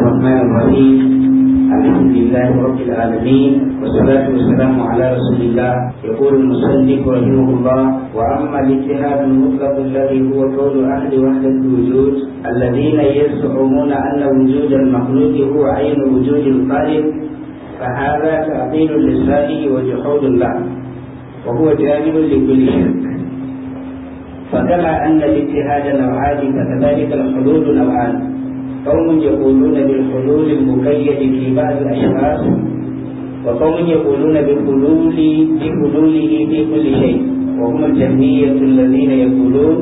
الرحمن الرحيم الحمد لله رب العالمين والصلاة والسلام على رسول الله يقول المصنف رحمه الله وأما الاجتهاد المطلق الذي هو قول أهل وحدة الوجود الذين يزعمون أن وجود المخلوق هو عين وجود الخالق فهذا تعطيل للسائل وجحود له وهو جانب لكل شيء فكما أن الاجتهاد نوعان فكذلك الحدود نوعان قوم يقولون بالحلول المكيد في بعض الأشخاص وقوم يقولون بالحلول بحلوله في كل شيء وهم الجهمية الذين يقولون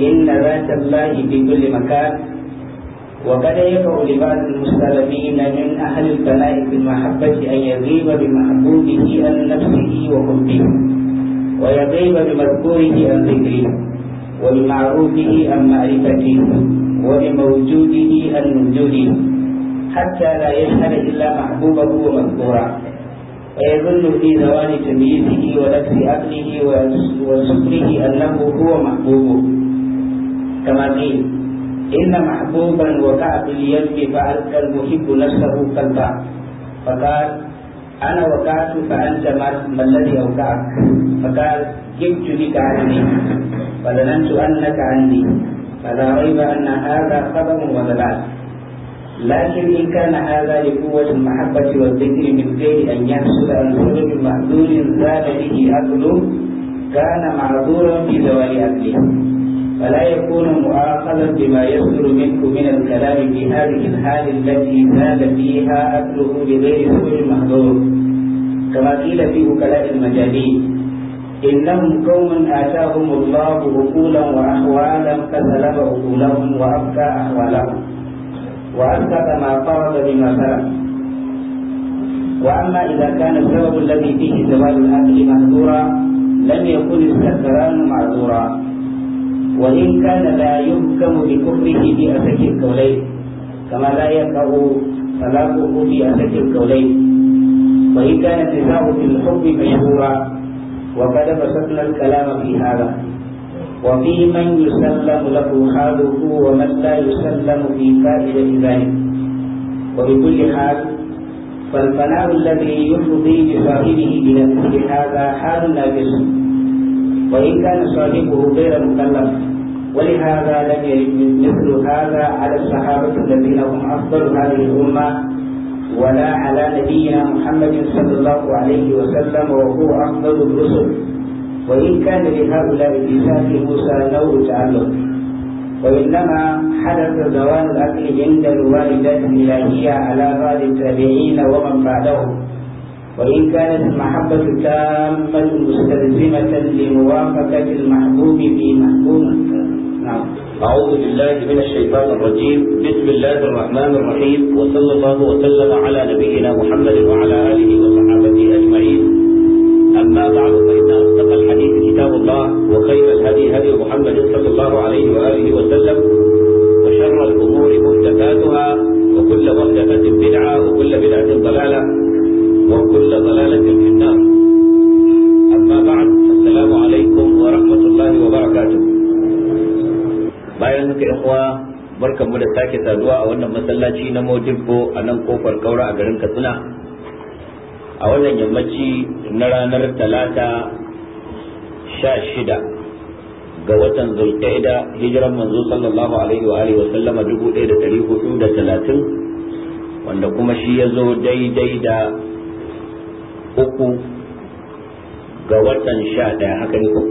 إن ذات الله في كل مكان وقد يقع لبعض المستلمين من أهل البلاء في المحبة أن يغيب بمحبوبه عن نفسه وحبه ويغيب بمذكوره عن ذكره وبمعروفه عن معرفته ولموجوده الموجود حتى لا يجهل إلا محبوبه ومذكورا ويظن في زوال تمييزه ونفس عقله وسكره أنه هو محبوبه كما قيل إن محبوبا وقع اليد فألقى المحب نفسه قلبا فقال أنا وقعت فأنت ما الذي أوقعك فقال جبت بك عني فظننت أنك عني فلا ريب أن هذا خبر ودلال لكن إن كان هذا لقوة المحبة والذكر من غير أن يحصل عن سبب معذور زاد به أكله كان معذورا في زوال أكله فلا يكون مؤاخذا بما يصدر منه من الكلام في هذه الحال التي زاد فيها أكله بغير سبب محظور كما قيل في وكلاء المجانين إنهم قوم آتاهم الله عقولا وأحوالا فسلب عقولهم وأبكى أحوالهم وأثبت ما فرض بما سلب وأما إذا كان السبب الذي فيه زوال الأكل مهدورا لم يكن السكران معذورا وإن كان لا يحكم بكفره في أسك الكولين كما لا يقع طلاقه في أسك الكولين وإن كان النزاع في الحكم مشهورا وقد بسطنا الكلام في هذا وفي من يسلم له حاله ومن لا يسلم في فائدة ذلك وبكل حال فالفناء الذي يفضي بصاحبه بنفسه هذا حال ناقص وإن كان صاحبه غير مكلف ولهذا لم يرد مثل هذا على الصحابة الذين هم أفضل هذه الأمة ولا على نبينا محمد صلى الله عليه وسلم وهو أفضل الرسل وإن كان لهؤلاء في موسى نوع تعلق وإنما حدث زوال الأكل عند الوالدات الإلهية على بعض التابعين ومن بعدهم وإن كانت المحبة تامة مستلزمة لموافقة المحبوب في محبوب أعوذ بالله من الشيطان الرجيم بسم الله الرحمن الرحيم وصلى الله وسلم على نبينا محمد وعلى آله وصحابته أجمعين أما بعد فإن أصدق الحديث كتاب الله وخير الهدي هدي محمد صلى الله عليه وآله وسلم وشر الأمور محدثاتها وكل محدثة بدعة وكل بدعة ضلالة وكل ضلالة في النار أما بعد السلام عليكم ورحمة الله وبركاته bayan yi yan uwa mu da sake saduwa a wannan masallaci na Modibbo a nan kofar Kaura a garin Katsina a wannan yammaci na ranar talata sha shida ga watan zulqaida hijiran manzo sallallahu alaihi wa alihi wa sallama 1430 wanda kuma shi ya zo daidai da uku ga watan sha ɗaya haka ne ko?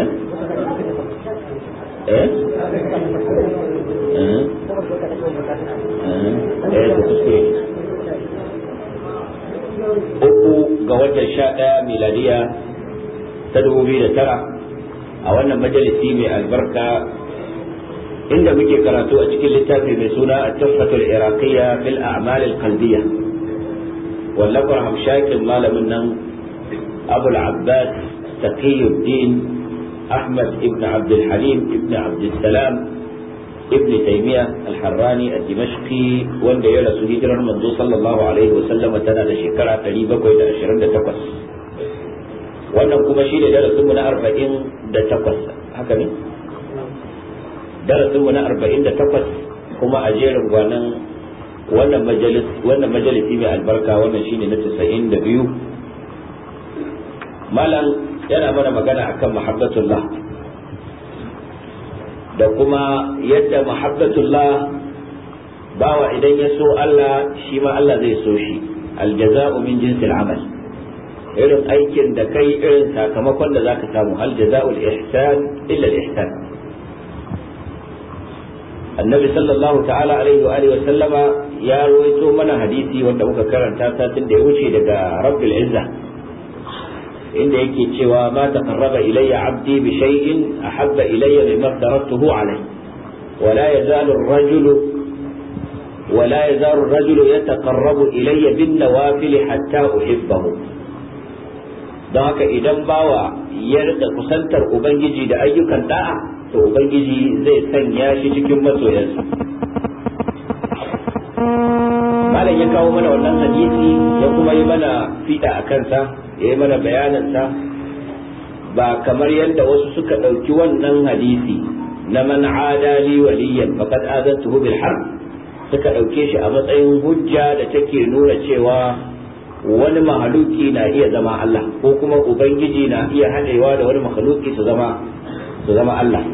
Eh? Eh? Eh? Eh? uku ga watan sha ɗaya miladiya ta dubu biyu da tara a wannan majalisi mai albarka inda muke karatu a cikin littafi mai suna a tafatul iraqiyya fil a'mal al qalbiyya wallafar hamshakin malamin nan abul abbas taqiyuddin أحمد بن عبد الحليم بن عبد السلام ابن تيمية الحراني الدمشقي wanda ya rasu hijirar manzo sallallahu alaihi tana da shekara 728 wannan kuma shi ne darasinmu na 48 haka ne darasinmu na 48 kuma a jerin gwanan wannan majalis wannan majalisi mai albarka wannan shine na 92 malam yana mana magana akan mahabbatullah da kuma yadda mahabbatullah bawa idan ya so Allah shi ma Allah zai so shi aljaza'u min jinsil amal irin aikin da kai irin sakamakon da zaka samu hal jaza'ul ihsan illa al-ihsan annabi sallallahu ta'ala alaihi wa alihi wa sallama ya rawaito mana hadisi wanda muka karanta satin da ya wuce daga rabbil izza inda yake cewa ma taqarraba ilayya abdi bi shay'in ahabba ilayya mimma taraktuhu alayhi wa yazalu ar-rajulu wa yazalu ar-rajulu yataqarrabu ilayya bin nawafil hatta uhibbahu don haka idan bawa ya rika kusantar ubangiji da ayyukan da'a to ubangiji zai sanya shi cikin masoyansa malam ya kawo mana wannan hadisi ya kuma yi mana fida a kansa ya yi mana bayananta ba kamar yadda wasu suka ɗauki wannan hadisi na man adali waliyan faqad azantuhu bil harb suka ɗauke shi a matsayin hujja da take nuna cewa wani mahaluki na iya zama Allah ko kuma ubangiji na iya haɗewa da wani mahaluki su zama su zama Allah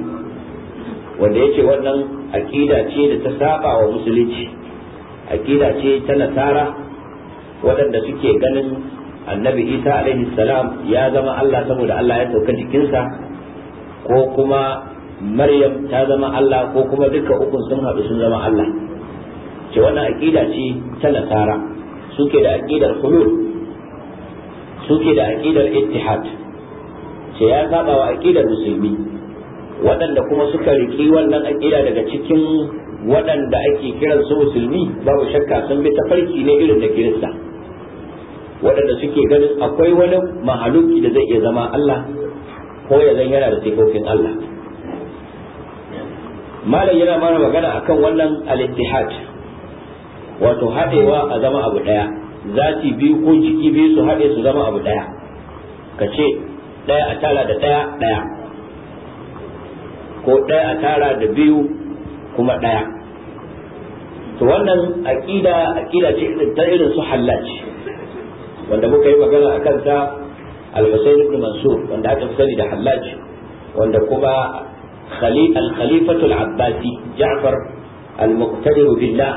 wanda yace wannan aqida ce da ta saba wa musulunci aqida ce ta nasara waɗanda suke ganin annabi isa alaihi salam ya zama Allah saboda Allah ya sauka jikinsa ko kuma maryam ta zama Allah ko kuma duka ukun sun haɗu sun zama Allah ce wannan aƙida ce ta nasara suke da aƙidar hulul suke da aƙidar ittihad ce ya saba wa aƙidar musulmi waɗanda kuma suka riki wannan aƙida daga cikin waɗanda ake kiransu musulmi babu shakka sun bi tafarki ne irin da kirista waɗanda suke ganin akwai wani mahaluki da zai iya zama Allah ko ya zan yana da sifofin Allah malam yana mana magana akan wannan al-ittihad wato haɗewa a zama abu ɗaya zati biyu ko jiki biyu su haɗe su zama abu ɗaya ka ce ɗaya a tara da ɗaya ɗaya ko ɗaya a tara da biyu kuma ɗaya to wannan aƙida aƙida ce ta irin su hallaci wanda muka yi magana a kansa al-husayn ibn mansur wanda aka fi sani da hallaj wanda kuma al-khalifatu al-abbasi ja'far al-muqtadir billah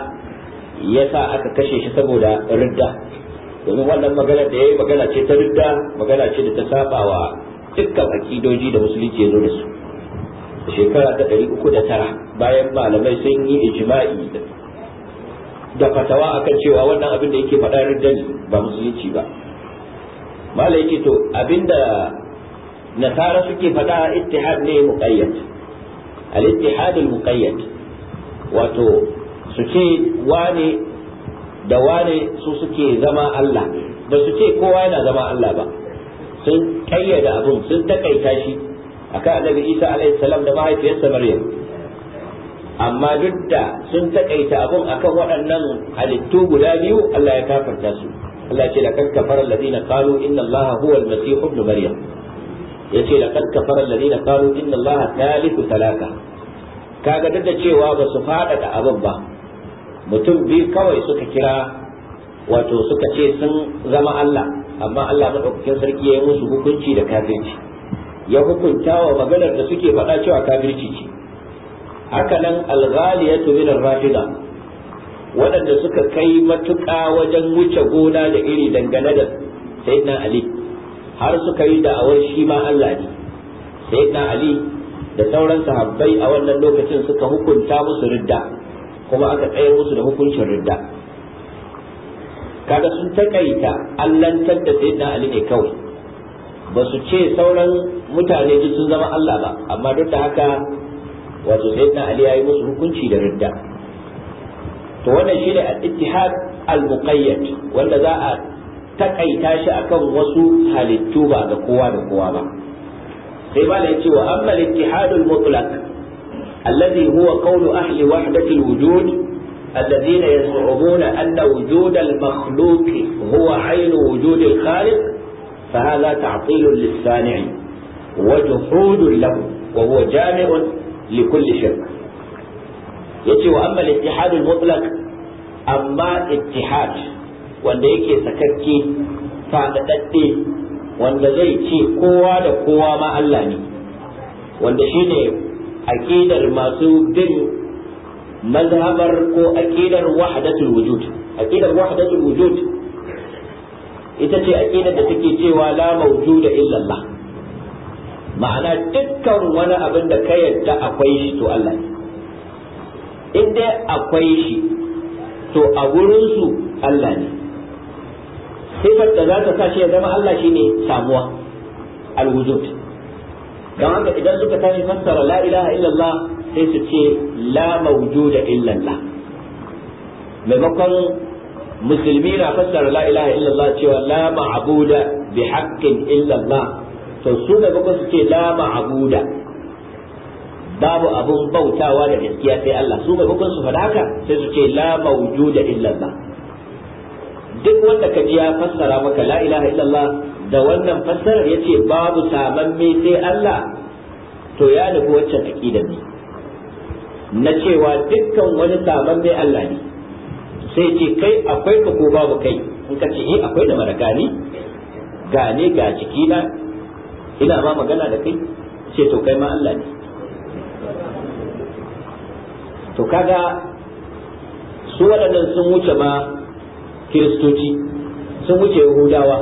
yasa aka kashe shi saboda ridda domin wannan magana da yayi magana ce ta ridda magana ce da ta saba wa dukkan akidoji da musulunci ya zo da su shekara ta 309 bayan malamai sun yi ijma'i da fatawa akan cewa wannan abin da yake faɗa da riddani ba musulunci ba mala yake to abinda nasara suke faɗa a ittihad ne muqayyad al ittihad al muqayyad wato su ce wane da wane su suke zama Allah ba su ce kowa yana zama Allah ba sun kayyada abin sun takaita shi akan annabi Isa alaihi salam da mahaifiyarsa Maryam amma duk da sun takaita abun akan waɗannan halittu guda biyu Allah ya kafarta su Allah ce laqad kafara alladhina qalu inna Allaha huwa al-masih ibn maryam yace laqad kafara alladhina qalu inna Allaha thalithu talaka kaga duk da cewa ba su fada da abun ba mutum biyu kawai suka kira wato suka ce sun zama Allah amma Allah madaukakin sarki ya yi musu hukunci da kafirci ya hukunta wa maganar da suke faɗa cewa kafirci ce haka nan alghaliyatu min arrahila waɗanda suka kai matuƙa wajen wuce gona da iri dangane da sayyidina ali har suka yi da'awar shi ma Allah ne sayyidina ali da sauran sahabbai a wannan lokacin suka hukunta musu ridda kuma aka tsayar musu da hukuncin ridda kaga sun takaita allantar da sayyidina ali ne kawai ba su ce sauran mutane duk sun zama Allah ba amma duk da haka wato sai na ali yayi musu hukunci da ridda to wannan shine al-ittihad al-muqayyad wanda za a takaita shi akan wasu halittu ba ga kowa da kowa ba sai ba yace cewa amma al-ittihad al-mutlaq alladhi huwa qawlu ahli wahdati al-wujud الذين يزعمون أن وجود المخلوق هو عين وجود الخالق فهذا تعطيل للصانع وجحود له وهو جامع li kulli shirka yace wa amma al-ittihad al-mutlaq amma ittihad wanda yake sakakke fadadadde wanda zai ce kowa da kowa ma Allah ne wanda shi ne aƙidar masu bin mazhabar ko aqidar wahdatul wujud aqidar wahdatul wujud ita ce aƙidar da take cewa la mawjuda illa Allah ma'ana dukkan wani abin da ka yadda akwai shi to Allah ne in dai akwai shi to a gurinsu Allah ne sifar da za ta sa shi ya zama Allah shi ne samuwa alwujud don haka idan suka tashi fassara la ilaha illallah sai su ce la mawjuda illallah maimakon musulmi na fassara la ilaha illallah cewa la ma'buda bi haqqin illallah to su da kuma su ce la ma'abuda babu abun bautawa da gaskiya sai Allah su mai su faɗa haka sai su ce la mawjuda illallah duk wanda ka ji ya fassara maka la ilaha illallah da wannan fassarar yace babu me sai Allah to ya nufi wacce aqidar ne na cewa dukkan wani me Allah ne sai ce kai akwai ka ko babu kai in ka ce eh akwai da maraka ne gane ga cikina ina ba magana da kai ce to kai ma Allah ne to kaga su waɗannan sun wuce ma kiristoci sun wuce yahudawa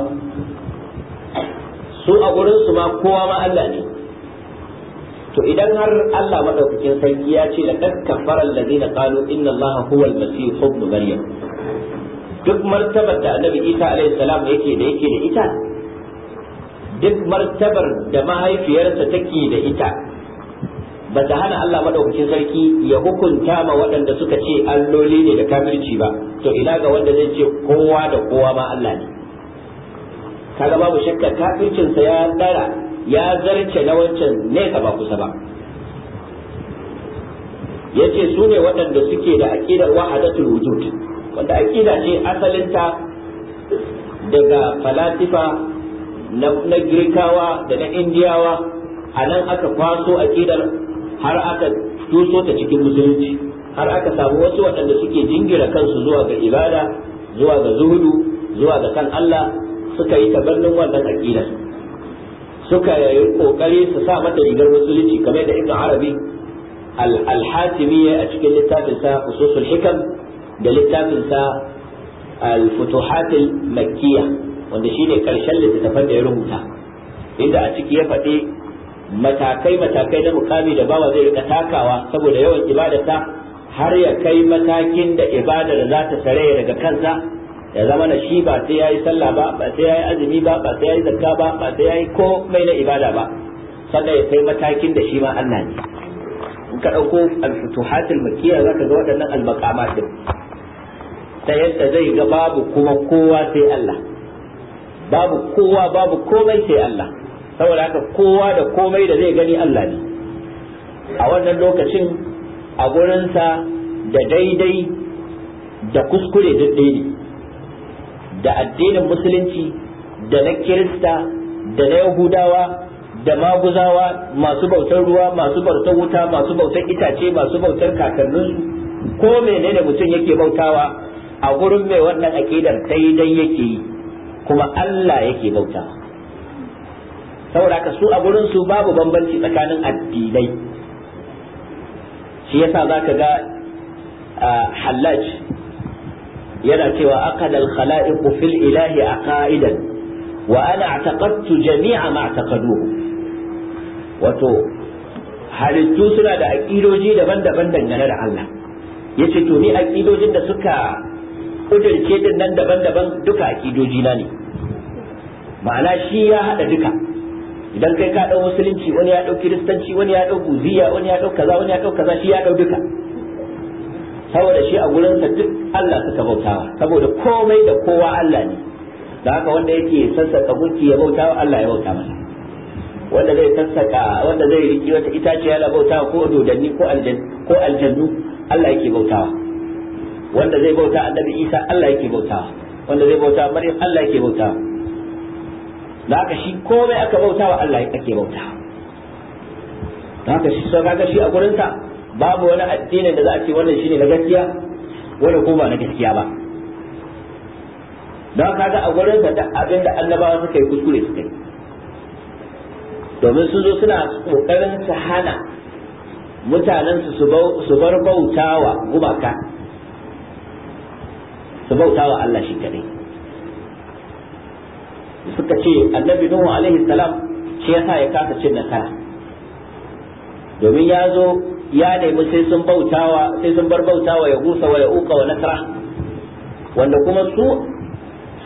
su a su ma kowa ma Allah ne to idan har Allah madaukakin sarki ya ce la kad kafara allazina qalu inna allaha huwa al-masih ibn maryam duk martabar da annabi Isa alaihi salam yake da yake da ita duk martabar da mahaifiyarsa take da ita ba ta hana Allah madaukakin sarki ya hukunta ma waɗanda suka ce alloli ne da kafirci ba to ina ga wanda zai ce kowa da kowa ma Allah ne kaga babu shakka sa ya dara ya zarce na wancan nesa ba kusa ba yace su ne waɗanda suke da aƙidar wahadatul wujud wanda aƙida ce asalinta daga falasifa na girkawa da na indiyawa a nan aka kwaso aƙidar har aka tuso ta cikin musulunci har aka samu wasu waɗanda suke jingira kansu zuwa ga ibada zuwa ga zuhudu zuwa ga kan Allah suka yi tabarnin wannan aƙidar suka yi kokari su sa mata rigar musulunci kamar da ibn arabi al-hatimi a cikin littafin sa ususul hikam da littafin sa al-futuhat wanda ne karshen littattafan da ya rubuta inda a ciki ya faɗi matakai matakai na mukami da bawa zai rika takawa saboda yawan ibadarsa har ya kai matakin da ibadar za ta tare daga kansa ya zama na shi ba sai yayi sallah ba ba sai yayi azumi ba ba sai yayi zakka ba ba sai yayi komai na ibada ba sannan ya kai matakin da shi ma Allah ne in ka ɗauko al-futuhatul za zaka ga waɗannan al-maqamat din ta yadda zai ga babu kuma kowa sai Allah babu kowa babu komai sai Allah saboda haka kowa da komai da zai gani Allah ne a wannan lokacin a gurinsa da daidai da kuskure da ne da addinin musulunci da na kirista da na yahudawa da maguzawa masu bautar ruwa masu bautar wuta masu bautar itace masu bautar kakanninsu ko menene mutum yake bautawa a gurin mai wannan akidar daidai yake yi kuma Allah yake bauta saboda su a gurin su babu bambanci tsakanin addinai shi yasa zaka ga hallaj yana cewa aqada al-khala'iq fil ilahi aqaidan wa ana i'taqadtu jami'a ma i'taqaduhu wato halittu suna da aqidoji daban-daban dangane da Allah yace to ni aqidojin da suka kudirce din nan daban-daban duka akidoji na ne ma'ana shi ya hada duka idan kai ka ɗau musulunci wani ya ɗau kiristanci wani ya ɗau buziya wani ya ɗau kaza wani ya ɗau kaza shi ya ɗau duka saboda shi a gurin sa duk Allah suka bautawa saboda komai da kowa Allah ne da haka wanda yake sassaka gunki ya bautawa Allah ya bauta masa wanda zai sassaka wanda zai riki wata itaciya ya bautawa ko dodanni ko aljannu ko aljannu Allah yake bautawa wanda zai bauta annabi Isa Allah yake bauta wanda zai bauta Maryam Allah yake bauta da haka shi komai aka bauta wa Allah yake bauta da haka shi sai shi a gurin babu wani addini da za a ce wannan shine na gaskiya wanda ko ba na gaskiya ba don kaga a gurin sa da abin da annabawa suka yi kuskure suka yi domin sun zo suna kokarin su hana mutanensu su bar bautawa gumaka su bauta wa Allah shi kadai suka ce annabi nuhu alaihi salam shi yasa ya kasa cin nasara domin ya zo ya nemi sai sun bautawa sai sun bar bautawa ya gusa wa ya uka wa nasara wanda kuma su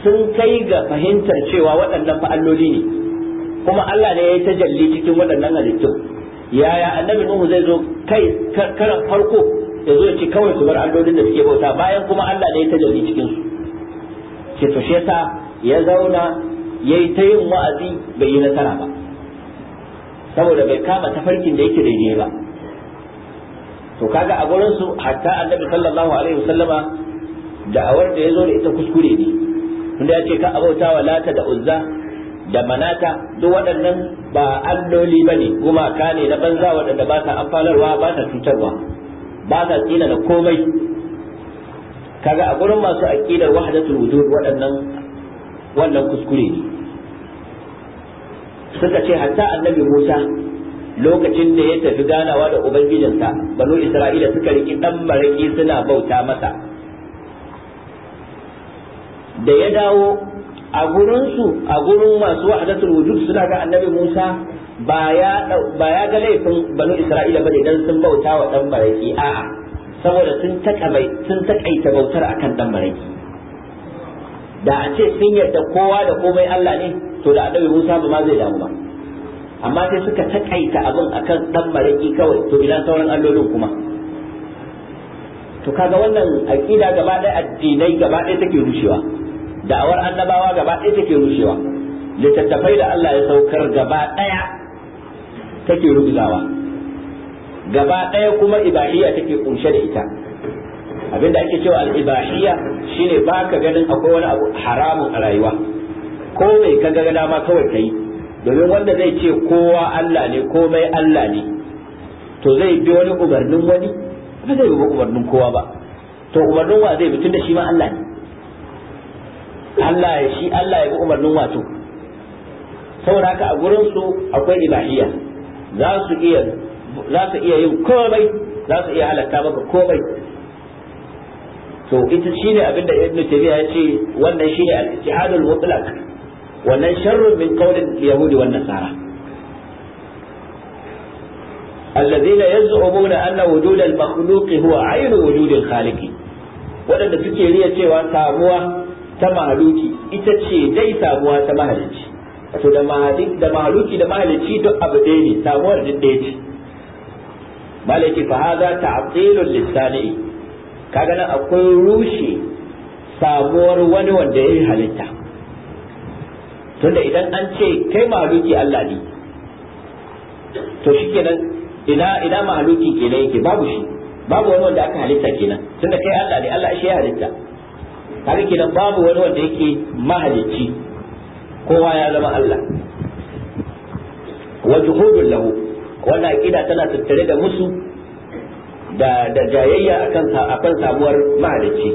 sun kai ga fahimtar cewa waɗannan fa'alloli ne kuma Allah ne ya yi tajalli cikin waɗannan halittu yaya annabi nuhu zai zo kai karan farko ya zo ci kawai su bar allolin da suke bauta bayan kuma Allah ne ya tajalli cikin su ce to sheta ya zauna yayi ta yin wa'azi bai yi nasara ba saboda bai kama tafarkin da yake daidai ba to kaga a gurin su hatta annabi sallallahu alaihi wasallama da'awar da ya zo da ita kuskure ne tunda ya ce ka abauta wa lata da uzza da manata duk waɗannan ba alloli ba ne gumaka ne na banza waɗanda ba sa amfanarwa ba sa cutarwa ba sa tsina da komai kaga a gurin masu aqidar wahdatul wujud waɗannan wannan kuskure ne suka ce hatta annabi Musa lokacin da ya tafi ganawa da ubangijinsa banu Isra'ila suka riki dan maraki suna bauta masa da ya dawo a gurinsu a gurin masu wahdatul wujud suna ga annabi Musa ba ya ga laifin banu Isra'ila bane dan sun bauta wa dan baraki a'a saboda sun takabai sun takaita bautar akan dan baraki da a ce sun yarda kowa da komai Allah ne to da annabi Musa ba ma zai damu ba amma sai suka takaita abin akan dan baraki kawai to ina sauran allolin kuma to kaga wannan aqida gaba ɗaya addinai gaba ɗaya take rushewa da'awar annabawa gaba ɗaya take rushewa littattafai da Allah ya saukar gaba ɗaya take rubuzawa gaba ɗaya kuma ibahiyya take kunshe da ita abinda ake cewa al-ibahiyya shine baka ganin akwai wani abu haramun a rayuwa ko mai ka ga ma kawai kai domin wanda zai ce kowa Allah ne komai Allah ne to zai bi wani umarnin wani ba zai bi umarnin kowa ba to umarnin wa zai bi tunda shi ma Allah ne Allah ya shi Allah ya bi umarnin wato saboda haka a gurin su akwai ibahiyya za su iya za su iya yin komai za su iya halatta maka komai to ita shine abinda ibnu tabi'a ya ce wannan shine al-ijtihadul mutlaq wannan sharrun min qawlin yahudi wan nasara الذين يزعمون أن وجود المخلوق هو عين وجود الخالق waɗanda suke riya cewa samuwa ta mahaluki ita ce dai samuwa ta mahalicci to da mahadi da maluki da mahalici duk abu dai ne samuwar din ɗaya ce malaki fa hadha ta'tilul lisani kaga nan akwai rushe samuwar wani wanda yayi halitta tunda idan an ce kai maluki Allah ne to shikenan ina ina mahaluki kenan yake babu shi babu wani wanda aka halitta kenan tunda kai Allah ne Allah shi ya halitta kaga kenan babu wani wanda yake mahalicci kowa ya zama Allah wa hudun lahu wannan aqida tana tattare da musu da da jayayya akan akan samuwar mahalicci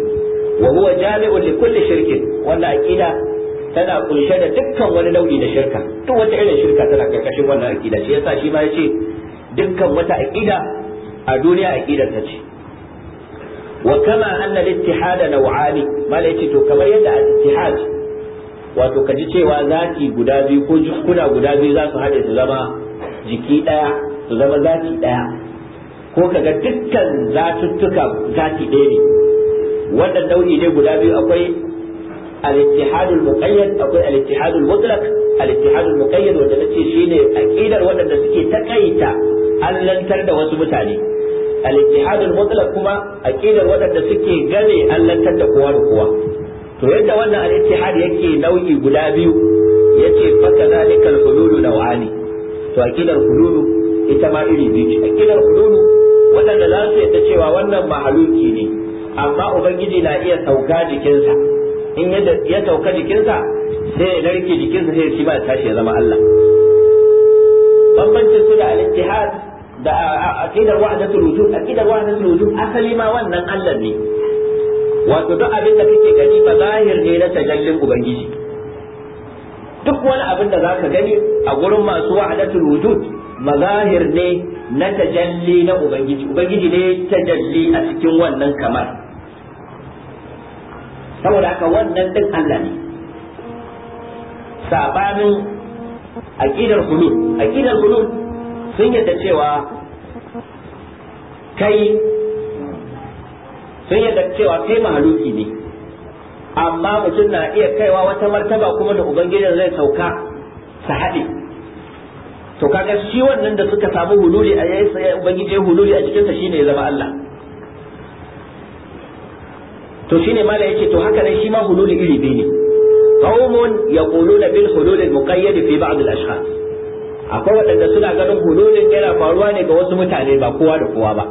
wa huwa jami'un li kulli shirkin wannan aqida tana kunshe da dukkan wani nau'i na shirka duk wata irin shirka tana karkashin wannan aqida shi yasa shi ma yace dukkan wata aqida a duniya aqidar ta ce wa kama anna al-ittihad naw'ani mala to kamar yadda al-ittihad wato ka ji cewa zati guda biyu ko jukuna guda biyu za su haɗe su zama jiki ɗaya su zama zati ɗaya ko ka ga dukkan zatuttuka zati ɗaya ne wannan nau'i ne guda biyu akwai al-ittihadul muqayyad akwai al-ittihadul mutlaq al-ittihadul muqayyad wanda nace shine aqidar waɗanda suke takaita allantar da wasu mutane al-ittihadul mutlaq kuma aqidar waɗanda suke gane allantar da kowa da kowa to yadda wannan al-ittihad yake nau'i guda biyu yace fa kadhalika al hulul naw'ani to akidar hulul ita ma iri biyu akidar hulul wadanda za su yadda cewa wannan mahaluki ne amma ubangiji na iya sauka jikinsa in yadda ya sauka jikinsa sai ya narke jikinsa sai shi ba tashi ya zama Allah bambancin su da al-ittihad da akidar wahdatul wujud akidar wahdatul wujud asali ma wannan Allah ne wato duk abin da kake gani ba zahir ne na tajallin ubangiji duk wani abin da zaka gani a gurin masu wa'adatul wujud mazahir ne na tajalli na ubangiji ubangiji ne tajalli a cikin wannan kamar saboda haka wannan din Allah ne sabanin aqidar hulul aqidar hulul sun yadda cewa kai sun yadda cewa kai mahaluki ne amma mutum na iya kaiwa wata martaba kuma da ubangijin zai sauka su haɗe to kaga shi wannan da suka samu hululi a yayin ubangiji hululi a sa shine ya zama Allah to shine mala yake to haka ne shi ma hululi iri biyu ne qaumun yaquluna bil hulul muqayyad fi ba'd al ashkhas akwai waɗanda suna ganin hululin yana faruwa ne ga wasu mutane ba kowa da kowa ba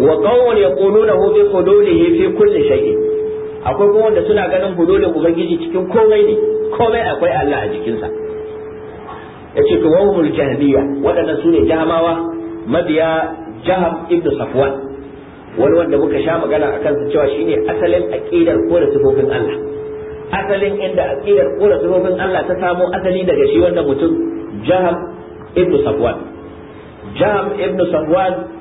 wa qawlan hu bi hululihi fi kulli shay'in akwai kuma wanda suna ganin hululin ubangiji cikin komai ne komai akwai Allah a jikinsa yace to wahumul jahiliya waɗannan sune jahamawa mabiya jaham ibnu safwan wani wanda muka sha magana akan su cewa shine asalin aqidar kore sifofin Allah asalin inda aqidar kore sifofin Allah ta samo asali daga shi wannan mutum jaham ibnu safwan jaham ibnu safwan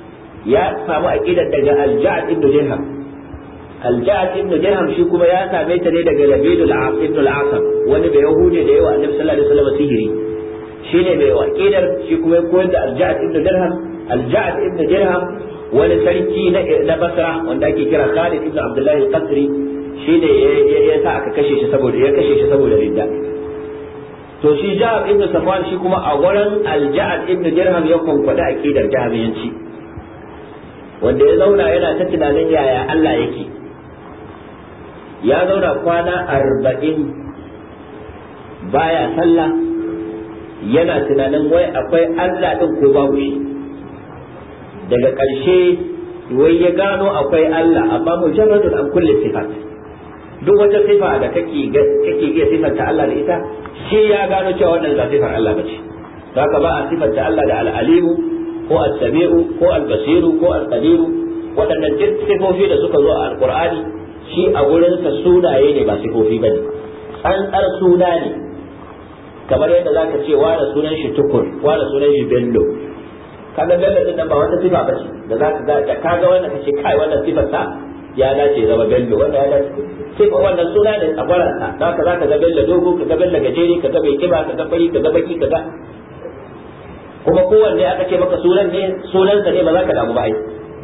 ya samu aqidar daga al-Ja'd ibn Dirham al-Ja'd ibn Dirham shi kuma ya same ta ne daga Labid al-As ibn al-Asam wani bai yahude da yawa annabi sallallahu alaihi wasallam sihiri shi ne mai aqidar shi kuma ya koyar da al-Ja'd ibn Dirham al-Ja'd ibn Dirham wani sarki na Basra wanda ake kira Khalid ibn Abdullah al-Qasri shi ne ya sa aka kashe shi saboda ya kashe shi saboda ridda to shi Ja'd ibn Safwan shi kuma a wurin al-Ja'd ibn Dirham ya kunkwada aqidar Jahmiyanci wanda ya zauna yana ta tunanin yaya Allah yake ya zauna kwana arba'in baya sallah yana tunanin wai akwai Allah ɗin ko babu shi daga ƙarshe wai ya gano akwai Allah amma mujarradun an kulle sifat duk wata sifa da kake kake iya sifanta Allah da ita shi ya gano cewa wannan ba sifar Allah bace zaka ba a sifanta Allah da al'alihu. ko al samiu ko al-basiru ko al-qadiru waɗannan duk sifofi da suka zo a qurani shi a gurinsa sunaye ne ba sifofi bane tsantsar suna ne kamar yadda zaka ce wa da sunan shi tukur wa da sunan shi bello kaga bello din nan ba wata sifa ba ce da zaka ga da kaga wannan kace kai wannan sifar ta ya dace zama bello wannan ya dace ba wannan suna ne a gwaran ta zaka zaka ga bello dogo ka ga bello gajeri, ka ga mai kiba ka ga fari ka ga baki ka ga kuma kowanne aka ce maka sunan ne sunansa ne ba za ka damu ba ai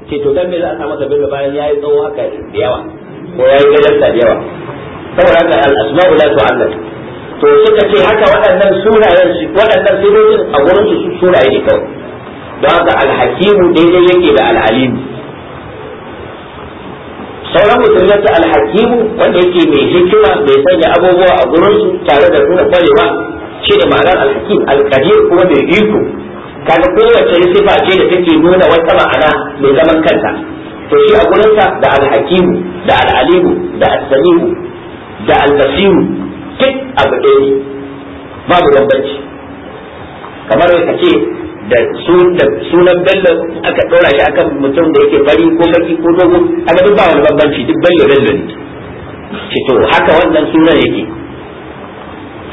ce to dan me za a samu sabbin birra bayan yayi tsawo haka da yawa ko yayi gadarta da yawa saboda haka al asma'u la tu'allam to suka ce haka waɗannan sunayen shi waɗannan sunayen a gurin su sunaye ne kawai don haka al hakimu daidai yake da al alim sauran musulmai ta al hakimu wanda yake mai hikima mai sanya abubuwa a gurin su tare da nuna kwarewa shi ne ma'anar al hakim al qadir kuma mai iko kaga kowace sifa ce da take nuna wata ma'ana mai zaman kanta to shi a gurinsa da alhakimu da al'alimu da as-sami'u da al duk abu ɗaya ne babu bambanci kamar ka ce da sunan bello aka ɗora shi akan mutum da yake bari ko baki ko dogo aka duk ba wani bambanci duk bello bello ne ce to haka wannan sunan yake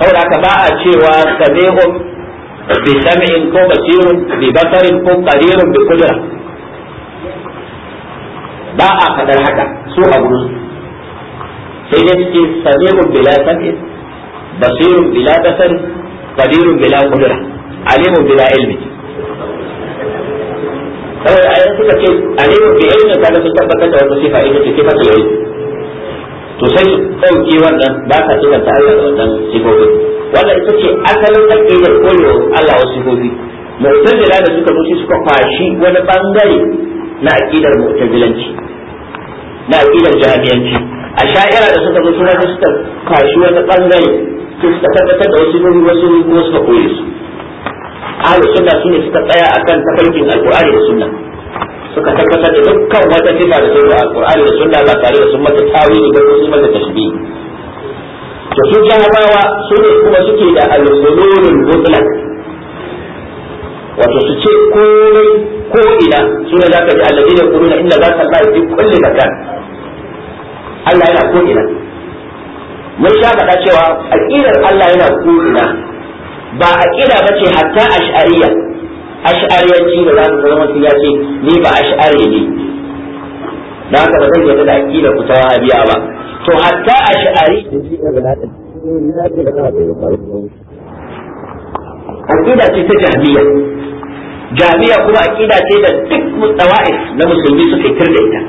saboda haka ba a cewa samihun bi sam'in ko basirun bi basarin ko qadirun bi qudra ba a fadar haka su a gurin sai dai bila sam'in basirun bila basarin qadirun bila qudra alimun bila ilmi saboda ayan suka ce alimun bi ilmi kaga tabbatar da wata sifa ita ce sifatul ilmi to sai ɗauki wannan ba ka sifanta Allah da wannan sifofin wannan ita ce asalin aqidar koyo Allah wasu gobi mu'tazila da suka mutu suka kwashi wani bangare na aqidar mu'tazilanci na aqidar jahiliyanci a sha'ira da suka mutu wani suka kwashi wani bangare suka tabbatar da wasu gobi wasu kuma suka koye su ahlu sunna suna suka tsaya akan tafarkin alqur'ani da sunna suka tabbatar da dukkan wata sifa da sauran alqur'ani da sunna ba tare da sun mata tawili ba ko sun mata tashbihi to su jahabawa su ne kuma suke da al-ghululul mutlaq wato su ce komai ko ina su ne zaka ji inda za inna zaka Allah kulle kulli makan Allah yana ko ina mun sha faɗa cewa aqidar Allah yana ko ina ba aqida bace hatta ash'ariyya ash'ariyanci da zaka zama mutum ya ce ni ba ash'ari ne da haka ba zai yarda da aqida ku ta wahabiya ba to hatta sha'ari aqida ce ta jami'a jami'a kuma aƙida ce da duk mutawa'if na musulmi suke kirda ita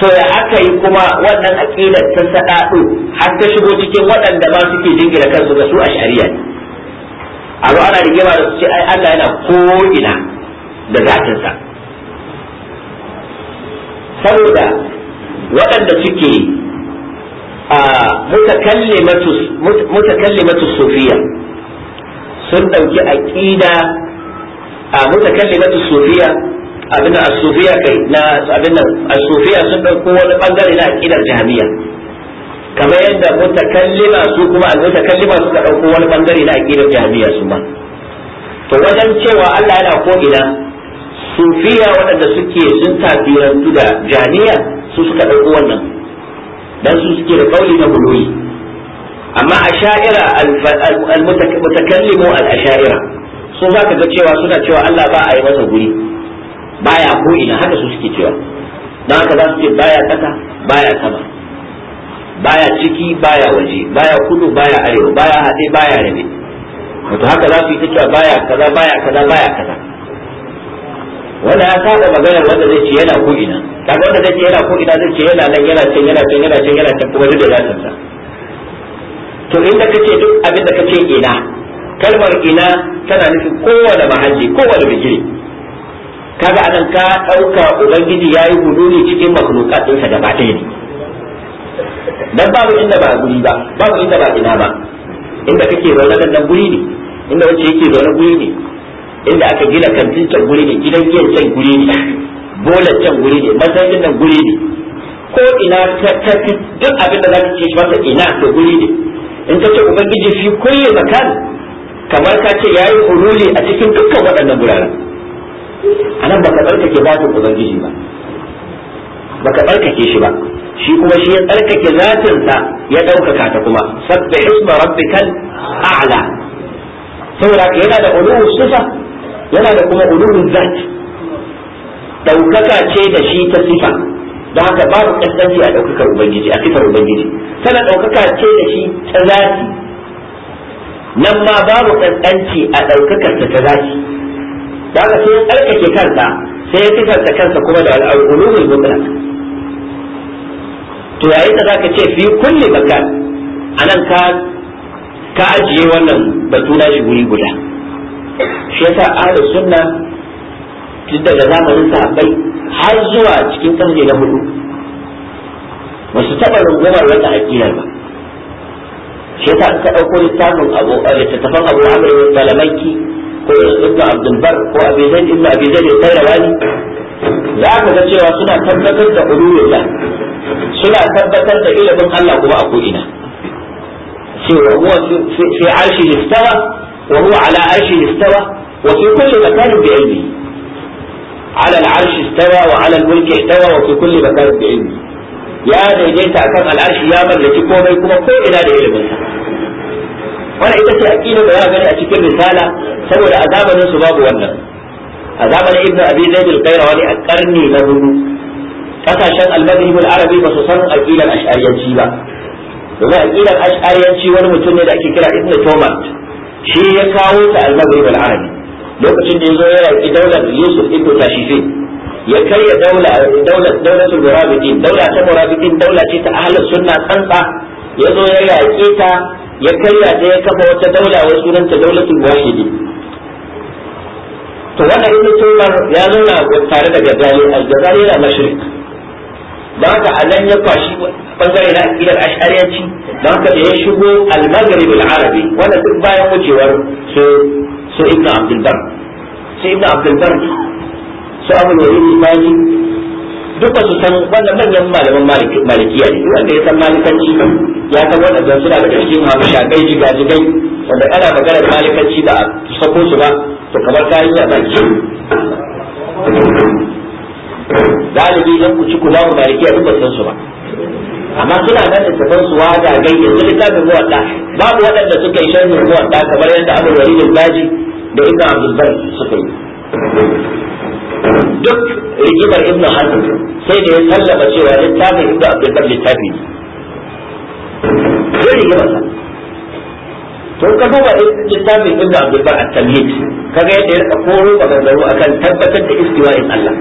to ya aka yi kuma wannan aƙidar ta sadadu har ta shigo cikin waɗanda ma suke jingira kansu da su a shari'a a ana rigima da su ce ai Allah yana ko'ina da zatinsa saboda waɗanda suke mutakallimatu sufiya sun ɗauki a mutakallimatu sufiya abin da sufiya kai na sufiya sun ɗauko wani ɓangare na aƙidar jami'a kamar yadda mutakallima su kuma al-mutakallima suka ɗauko wani ɓangare na jami'a su to wajen cewa Allah yana ko'ina. sufiya waɗanda suke sun su da janiya su suka ɗauko wannan dan su suke da kauli na buloyi amma a sha'ira al-mutakallimu al-asha'ira su za ka ga cewa suna cewa Allah ba a yi masa guri baya ko ina haka su suke cewa dan haka za su ce baya kasa baya sama baya ciki baya waje baya kudu baya arewa baya haɗe baya rabe wato haka za su yi cewa baya kaza baya kaza baya kaza wanda ya saba maganar wanda zai ce yana ko ina kaga wanda zai ce yana ko ina zai ce yana nan yana can yana can yana can yana can kuma duk da ya sa to inda kace duk abin da kace ina kalmar ina tana nufin kowane mahalli kowane bigire kaga anan ka dauka ubangiji yayi huduni cikin makhluqat ɗinsa gaba ɗaya ne dan babu inda ba guri ba babu inda ba ina ba inda kake zaune nan guri ne inda wacce yake zaune guri ne inda aka gina kantin can guri ne gidan giyan can guri ne bolar can guri ne masallin nan guri ne ko ina ta tafi duk abin da za ka ce masa ina da guri ne in ka ce ubangiji fi kulli makan kamar ka ce yayi hululi a cikin dukkan waɗannan gurare anan baka tsarkake zatin ubangiji ba baka tsarkake shi ba shi kuma shi ya tsarkake zatinsa ya ɗaukaka ta kuma sabbi isma rabbikal a'la saboda yana da ulu sifa yana da kuma ulumin zat daukaka ce da shi ta sifa don haka babu kasance a daukakar ubangiji a sifar ubangiji tana daukaka ce da shi ta zati nan ma babu kasance a daukakar ta zati da haka sai ya tsarkake kansa sai ya ta kansa kuma da al'ulumin mutlaq to yayin da zaka ce fi kulli makan anan ka ka ajiye wannan batu na shi guri guda shi yasa ahlus sunna tun daga zamanin sahabbai har zuwa cikin karni na hudu ba su taɓa rungumar wata aƙidar ba shi yasa ka ɗauko littafin abu eh, littattafan abu amir salamanki ko ibnu abdul bar ko abi zaid ibnu abi zaid al-qayrawani za ka ga cewa suna tabbatar da ululillah suna tabbatar da ilimin Allah kuma a ko'ina cewa huwa fi arshi istawa وهو على عرشه استوى وفي كل مكان بعلمه على العرش استوى وعلى الملك استوى وفي كل مكان بعلمه يا دaidaita akan al'arshi ya mallaki komai kuma ko ina da ilimin wannan ita ce aqida da za gani a cikin risala saboda a zamanin su babu wannan a zamanin ibnu abi zaid al-qayrawani a karni na hudu kasashen al-maghrib al-arabi ba su san aqidan ash'ariyanci ba domin aqidan ash'ariyanci wani mutum ne da ake kira ibnu tomat shi ya kawo ta al-maghrib al-arabi lokacin da yazo ya yaki daular Yusuf ibn tashifi ya kai ya daula daular murabitin daula ta murabitin daula ce ta ahlus sunna tsantsa yazo ya yaki ta ya karya ta ya kafa wata daula wa sunanta daulatul wahidi to wannan ibn Tumar ya zauna tare da Gazali al-Gazali yana mashrik da haka nan ya kwashi bangare na akidar ash'ariyanci da haka da ya shigo al-maghrib al-arabi wanda duk bayan wucewar su su ibn abdul bar su ibn abdul bar su abu ne imani duk ba su san wannan manyan malaman malikiya ne duk wanda ya san malikanci ya san wannan don suna daga cikin hamshakai jigajigai wanda ana maganar malikanci ba a sako su ba to kamar kayan yana ce galibi idan ku ci ku za ku mariki a dubban su ba amma suna nan da tafan su waga gai yanzu littafin muwadda babu waɗanda suka yi sharhin muwadda kamar yadda Abu Walid al-Baji da Ibn Abdul Bar suka yi duk rigimar Ibn Hazm sai da ya sallama cewa littafin Ibn Abdul Bar littafi ne sai rigimar sa to ka duba littafin Ibn Abdul Bar at-Tamhid kaga yadda ya roƙa koro ruwa akan tabbatar da istiwa'in Allah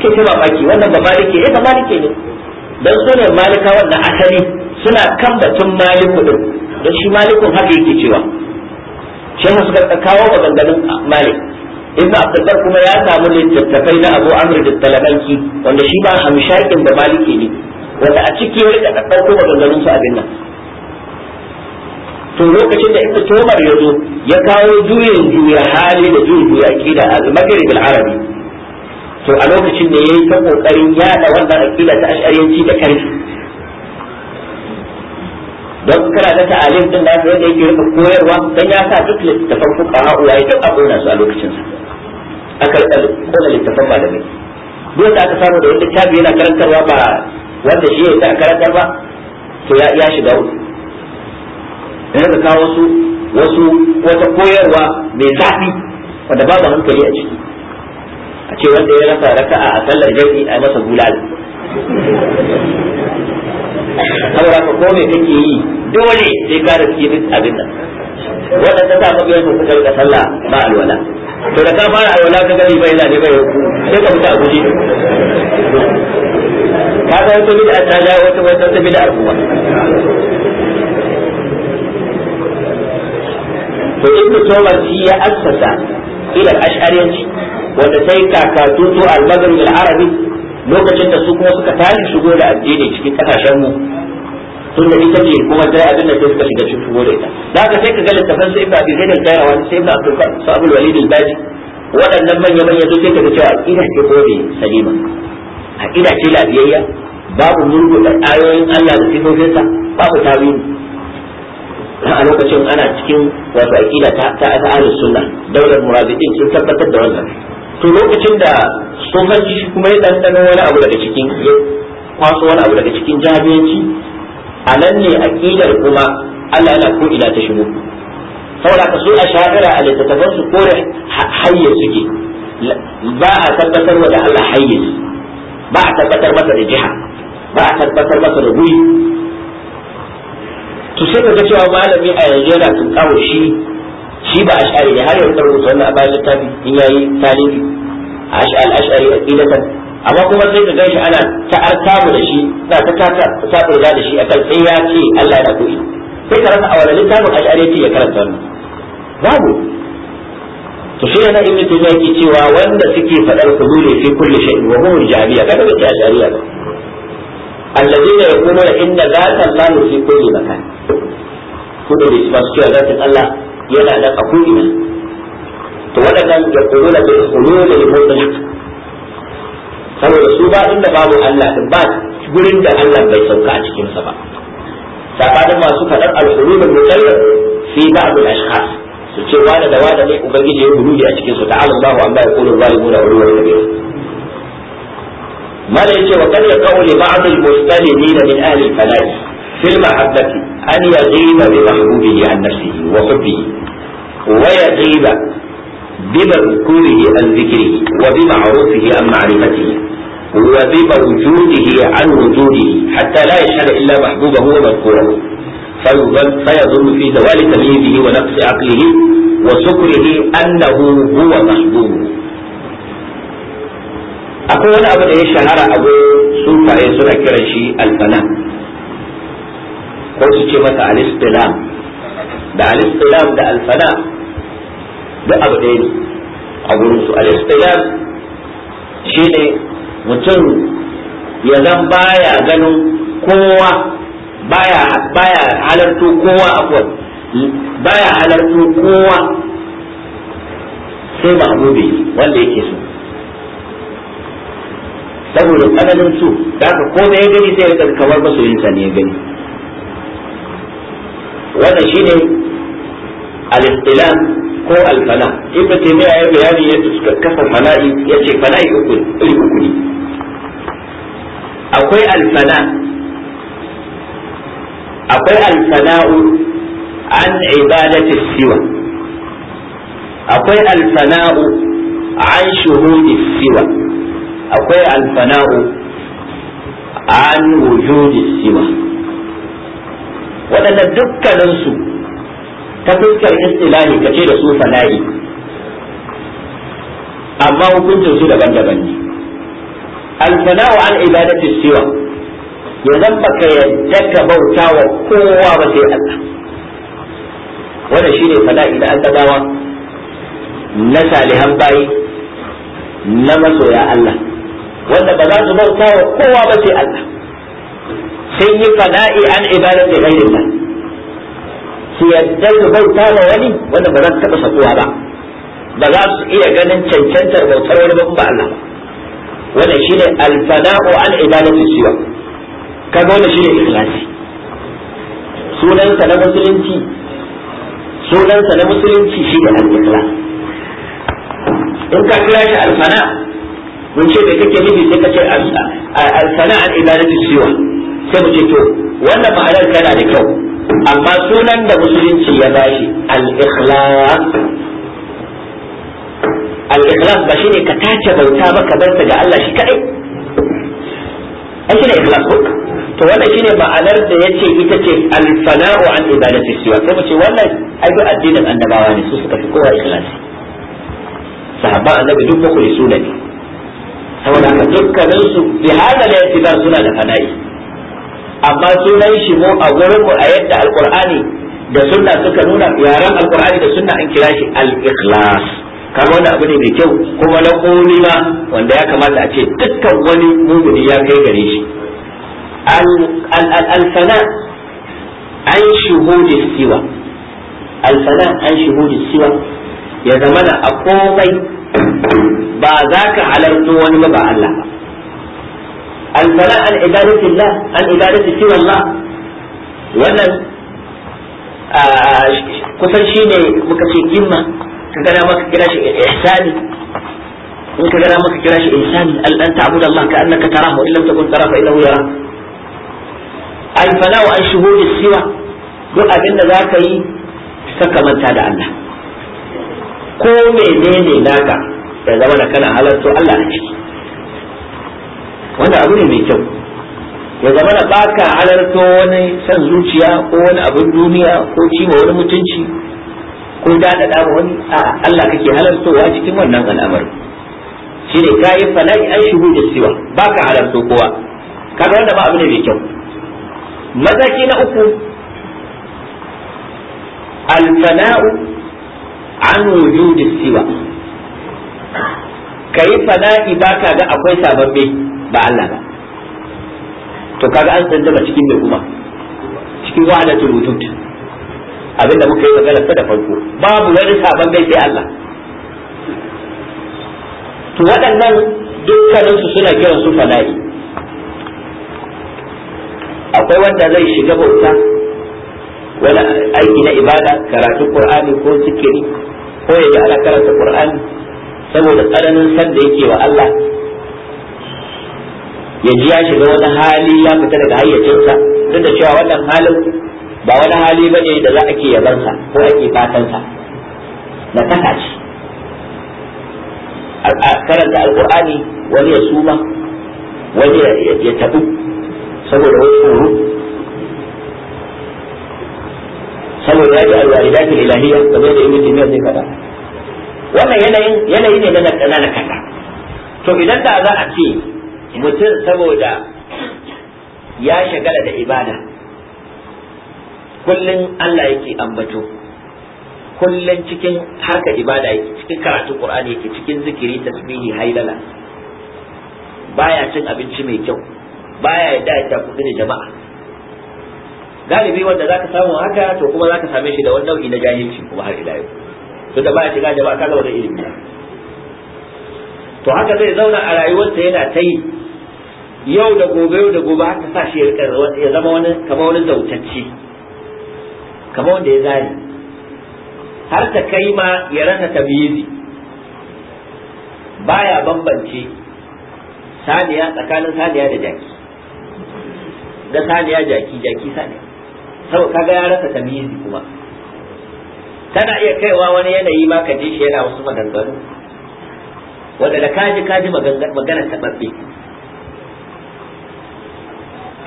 suke ta mamaki wannan ba malike eh ba malike ne dan su ne malika wannan asali suna kan batun maliku din dan shi malikun haka yake cewa shi ne suka kawo gangalin malik inda abdullah kuma ya samu littattafai na abu amr da talabanki wanda shi ba hamshakin da maliki ne wanda a ciki ya rika ko gangalin su abin nan to lokacin da ibnu tomar ya zo ya kawo juyin juya hali da juyin juya aqida al-maghrib al-arabi to a lokacin da yayi ta kokarin yada wannan aqida ta ash'ariyanci da karfi don kana da ta'alim din da yadda yake rufe koyarwa dan ya sa duk littafan fuqaha ulai duk abuna su a lokacin sa aka rika kola littafan malamai duk da aka samu da wanda tabi yana karantarwa ba wanda shi ya karantar ba to ya shiga uku in ka kawo wasu wata koyarwa mai zafi wanda babu hankali a ciki a ce wanda ya rasa raka'a a sallar jami'i a masa bulal saboda ka ko me kake yi dole sai ka riske duk abin nan waɗanda ta ka yanzu suka rika sallah ba alwala to da ka fara alwala ka gani bai na ne bai sai ka fita a guji ka ga wata bid'a a ja wata wata ta bid'a kuma to ibnu tawar shi ya assasa ila ash'ariyanci wanda ta yi kakatutu al-maghrib al-arabi lokacin da su kuma suka tashi shigo da addini cikin kasashen mu tun da ita ce kuma sai abin da suka shiga cikin shigo da ita da haka sai ka ga littafin sai ibn abi zaid al-qayrawa sai ibn abdul qasim al-walid al-baji waɗannan manya manya su sai ka ga cewa ina ce ko ne salima aqida ce lafiyayya babu murgo da ayoyin Allah da sifofinsa babu tarihi. a lokacin ana cikin wato aqida ta ta ahlus sunna daular murabitin sun tabbatar da wannan to lokacin da tsofanci shi kuma ya ɗanɗano wani abu daga cikin ya kwaso wani abu daga cikin jami'anci a nan ne aƙidar kuma Allah yana ko ina ta shigo saboda ka so a shagara a littattafan su kore hayya suke ba a tabbatar wa da Allah su, ba a tabbatar masa da jiha ba a tabbatar masa da guri to sai ka ga cewa malami a yanzu yana tunkawo shi shi ba ash'ari ne har yau ta rubuta wannan a littafi in yayi talibi ash'al ash'ari aqidatan amma kuma sai ka gashi ana ta artamu da shi na ta ta ta burga da shi akan sai ya ce Allah yana koyi sai ka rasa a wannan littafin ash'ari ce ya karanta wannan babu to shi yana ibnu taymiya yake cewa wanda suke fadar hululi fi kulli shay'in wa huwa jahiliya kada ba ash'ariya ba alladheena yaquluna inna zata Allah fi kulli makan kullu bi sifatihi zata Allah yana nan a ko'ina to waɗannan ya kuluna da hulula da mutlaq saboda su ba inda babu Allah din ba gurin da Allah bai sauka a cikin sa ba sakanin masu faɗar al-hulul mutlaq fi ba'd al-ashkhas su ce wani da wani ne ubangiji ya hululi a cikin su ta'ala Allahu amma ya kullu zalimuna ulul kabir ماذا يجي وقد min ahli المستلمين من أهل الفلاح في المحبة bi mahbubihi an nafsihi wa hubbihi ويغيب بمذكوره عن ذكره وبمعروفه عن معرفته وبموجوده عن وجوده حتى لا يشهد إلا محبوبه ومذكوره فيظن في زوال تمييزه ونقص عقله وسكره أنه هو محبوبه أقول wani abu da ya shahara abu sufaye suna kiran shi alfana ko su ce masa alistilam da alistilam da duk abu ɗaya ne a gurin su al shi ne mutum ya zan baya ganin kowa baya baya halartu kowa akwai baya halartu kowa sai ba mahbubi wanda yake so saboda tsananin su da ka ko ya gani sai ya kamar masoyinsa ne ya gani wannan ne al-istilam ko alfana, in ibn taymiya ya bayani yadda suka kafa fala'i yace fala'i uku ne akwai alfana, akwai alfana'u an ibadati siwa akwai alfana'u an shuhudi siwa akwai alfana'u an wujudi siwa waɗanda dukkaninsu ta fuskar istilahi ka ce da su fana'i amma hukuncin su daban-daban ne alfana'u an ibadati siwa ya zan baka yadda ka bauta wa kowa ba sai Allah wannan shine fana'i da annabawa na salihan bayi na masoya Allah wanda ba za su bauta wa kowa ba sai Allah sai yi fana'i an ibadati ghairillah su yadda su bauta ma wani wanda ba za zan taɓa sakuwa ba ba za su iya ganin cancantar bautar wani ba ba Allah wannan shine alfana'u an ibadatu siwa kaga wannan shine ikhlasi sunansa na musulunci sunansa na musulunci shi da al-ikhlas in ka kira shi alfana mun ce da kake nufi sai ka ce alfana al ibadatu siwa sai mu ce to wannan ma'anar tana da kyau amma sunan da musulunci ya bashi al-ikhlas al-ikhlas ba shine ka tace bauta ba ka bar ga Allah shi kadai ai shine ikhlas ko to wannan shine ma'anar da yace ita ce al-fana'u an ibadati siwa ko mu ce wannan ai duk addinin annabawa ne su suka fi kowa ikhlas sahabba annabi duk mukhlisuna ne saboda haka dukkanin su bi hada la suna da fana'i amma sunan shigo a gurin mu a yadda alqur'ani da sunna suka nuna yaran alqur'ani da sunna an kira shi al-ikhlas kamar wanda abu ne mai kyau kuma na koli ma wanda ya kamata a ce dukkan wani mumini ya kai gare shi al-fana an shuhudi siwa al-fana an shuhudi siwa ya zamana a komai ba za ka halarto wani ba ba Allah ba الفناء عن عبادة الله عن عبادة wannan kusan shi ne muka ce himma ka gana maka kira shi ihsani in ka gana maka kira shi ihsani an ta'budu Allah ka an shuhudi duk abin da zaka yi saka manta da Allah ko menene naka ya zama na kana halarto Allah a ciki wanda abu ne mai kyau ya zama na baka ko wani san zuciya ko wani abin duniya ko cima wani mutunci ko daɗaɗa dama wani a Allah kake halartowa cikin wannan al'amari shi ne ka yi fala'i an shigo da siwa baka to kowa kaga wanda ba abu ne mai kyau mazaki na uku al al-fana'u an wujudi siwa ka yi fana'i ba ka ga akwai sababbi ba Allah ba to kaga an tsandama cikin mai kuma cikin wahadatul rutut abinda muka yi magana ta da farko babu wani sabon gai sai Allah to waɗannan dukkanin su suna kiran su fala'i akwai wanda zai shiga bauta wani aiki na ibada karatun qur'ani ko sikiri ko ya ji ana karanta qur'ani saboda tsananin sanda da yake wa Allah ya ji ya shiga wani hali ya fita daga hayyacinsa duk da cewa wannan halin ba wani hali ba ne da za a ke yabansa ko ake fatansa na kasa ce a karanta alkur'ani wani ya suma wani ya tabu saboda wani tsoro saboda ya ji alwaridatul ilahiyya game da ibnu taymiyyah zai kada wannan yanayin yanayi ne na na kasa to idan da za a ce mutum saboda ya shagala da ibada kullum Allah yake ambato kullum cikin harka ibada yake cikin karatun qur'ani yake cikin zikiri tasbihi hailala baya cin abinci mai kyau baya yadda ya kudu da jama'a galibi wanda zaka samu haka to kuma zaka same shi da wani nau'i na jahilci kuma har ila yau to da baya shiga jama'a kaga wannan ilimi to haka zai zauna a rayuwarsa yana ta yi yau da gobe yau da gobe haka sa shi ya zama wani kamar wani zautacce kamar wanda ya zari har ta kai ma ya rasa tamyizi baya bambance saniya tsakanin saniya da jaki da saniya jaki jaki saniya sau kaga ya rasa tamyizi kuma tana iya kaiwa wani yanayi ma ka ji shi yana wasu maganganu wanda da kaji kaji maganar taɓaɓɓe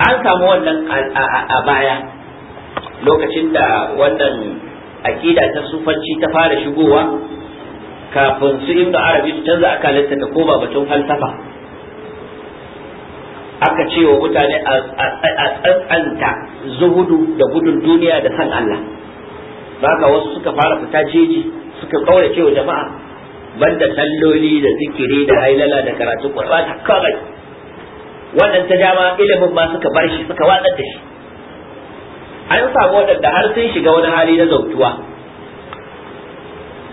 an samu wannan a baya lokacin da wannan aƙida ta sufanci ta fara shigowa kafin su inda arabi su canza akalinta ta koma batun falsafa aka ce wa mutane a tsantsanta zuhudu da gudun duniya da san Allah ka wasu suka fara fita jeji suka kaurace wa jama'a banda salloli da zikiri da hailala da karatu kurbata kawai wannan ta dama ilimin ma suka bar shi suka watsar da shi an samu waɗanda har sun shiga wani hali na zautuwa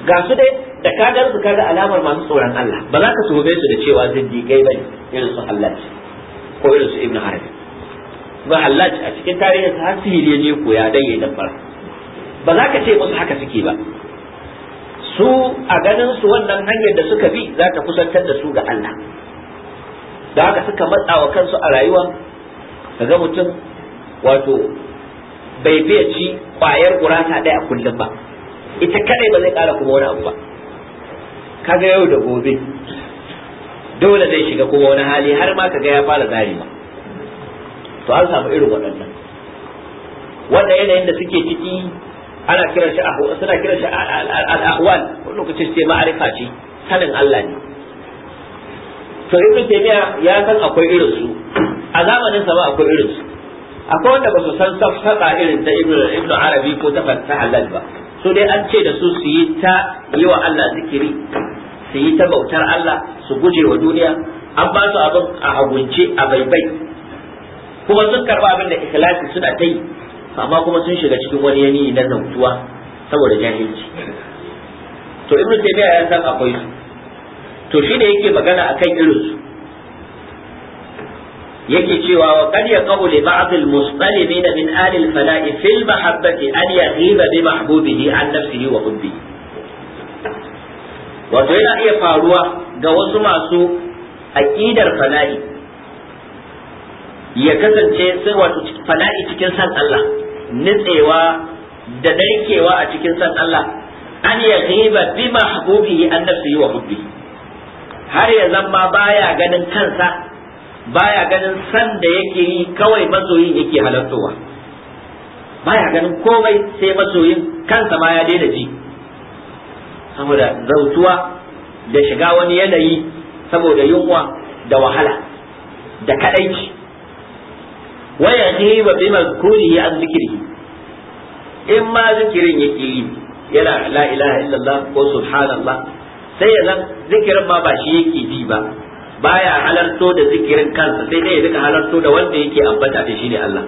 ga su dai da kagar su kaga alamar masu tsoron Allah ba za ka tuhume su da cewa zindigai bane irin su Allah ko irin su Ibn Arabi ba Allah a cikin tarihin sa har sihiri ne ya dan yayi dabbar ba za ka ce musu haka suke ba su a ganin su wannan hanyar da suka bi za ta kusantar da su ga Allah da haka suka matsa wa kansu a rayuwa ga mutum wato bai biya ci kwayar gurata ɗaya a kullum ba ita kadai ba zai kara kuma wani abu ba kaga yau da gobe dole zai shiga kuma wani hali har ma kaga ya fara ba to an samu irin waɗannan wanda yanayin da suke ciki ana kiran shi suna kiran shi al'ahwal wani lokacin sai ma'arifa ce sanin Allah ne to ibn taymiya ya san akwai irin su a zamanin sa ba akwai irin su akwai wanda ba su san safsaka irin ta ibnu Ibnu arabi ko ta fatta halal ba so dai an ce da su su yi ta yi wa Allah zikiri su yi ta bautar Allah su guje wa duniya an ba su abin a hagunce a baibai kuma sun karba abin da ikhlasi suna ta yi amma kuma sun shiga cikin wani yanayi na mutuwa saboda jahilci to ibnu taymiya ya san akwai su to shi da yake magana a kan irin su yake cewa wa kariya kawo da ba'd al mustalimin min ahli al fala'i fil al mahabbati an yaghiba bi mahbubihi an nafsihi wa hubbihi wato yana iya faruwa ga wasu masu aqidar fala'i ya kasance sai wato fala'i cikin san Allah nitsewa da narkewa a cikin san Allah an yaghiba bi mahbubihi an nafsihi wa hubbihi har ya zama baya ganin kansa baya ganin san da yake yi kawai masoyin yake halartowa baya ganin komai sai masoyin kansa ma ya daina ji saboda zautuwa da shiga wani yanayi saboda yunwa da wahala da kadaici waya ji ba bi mazkurihi an zikiri in ma zikirin yake yi yana la ilaha illallah ko subhanallah sai ya zan zikirin ma ba shi yake bi ba baya halarto da zikirin kansa sai dai ya duka halarto da wanda yake ambata da shi ne Allah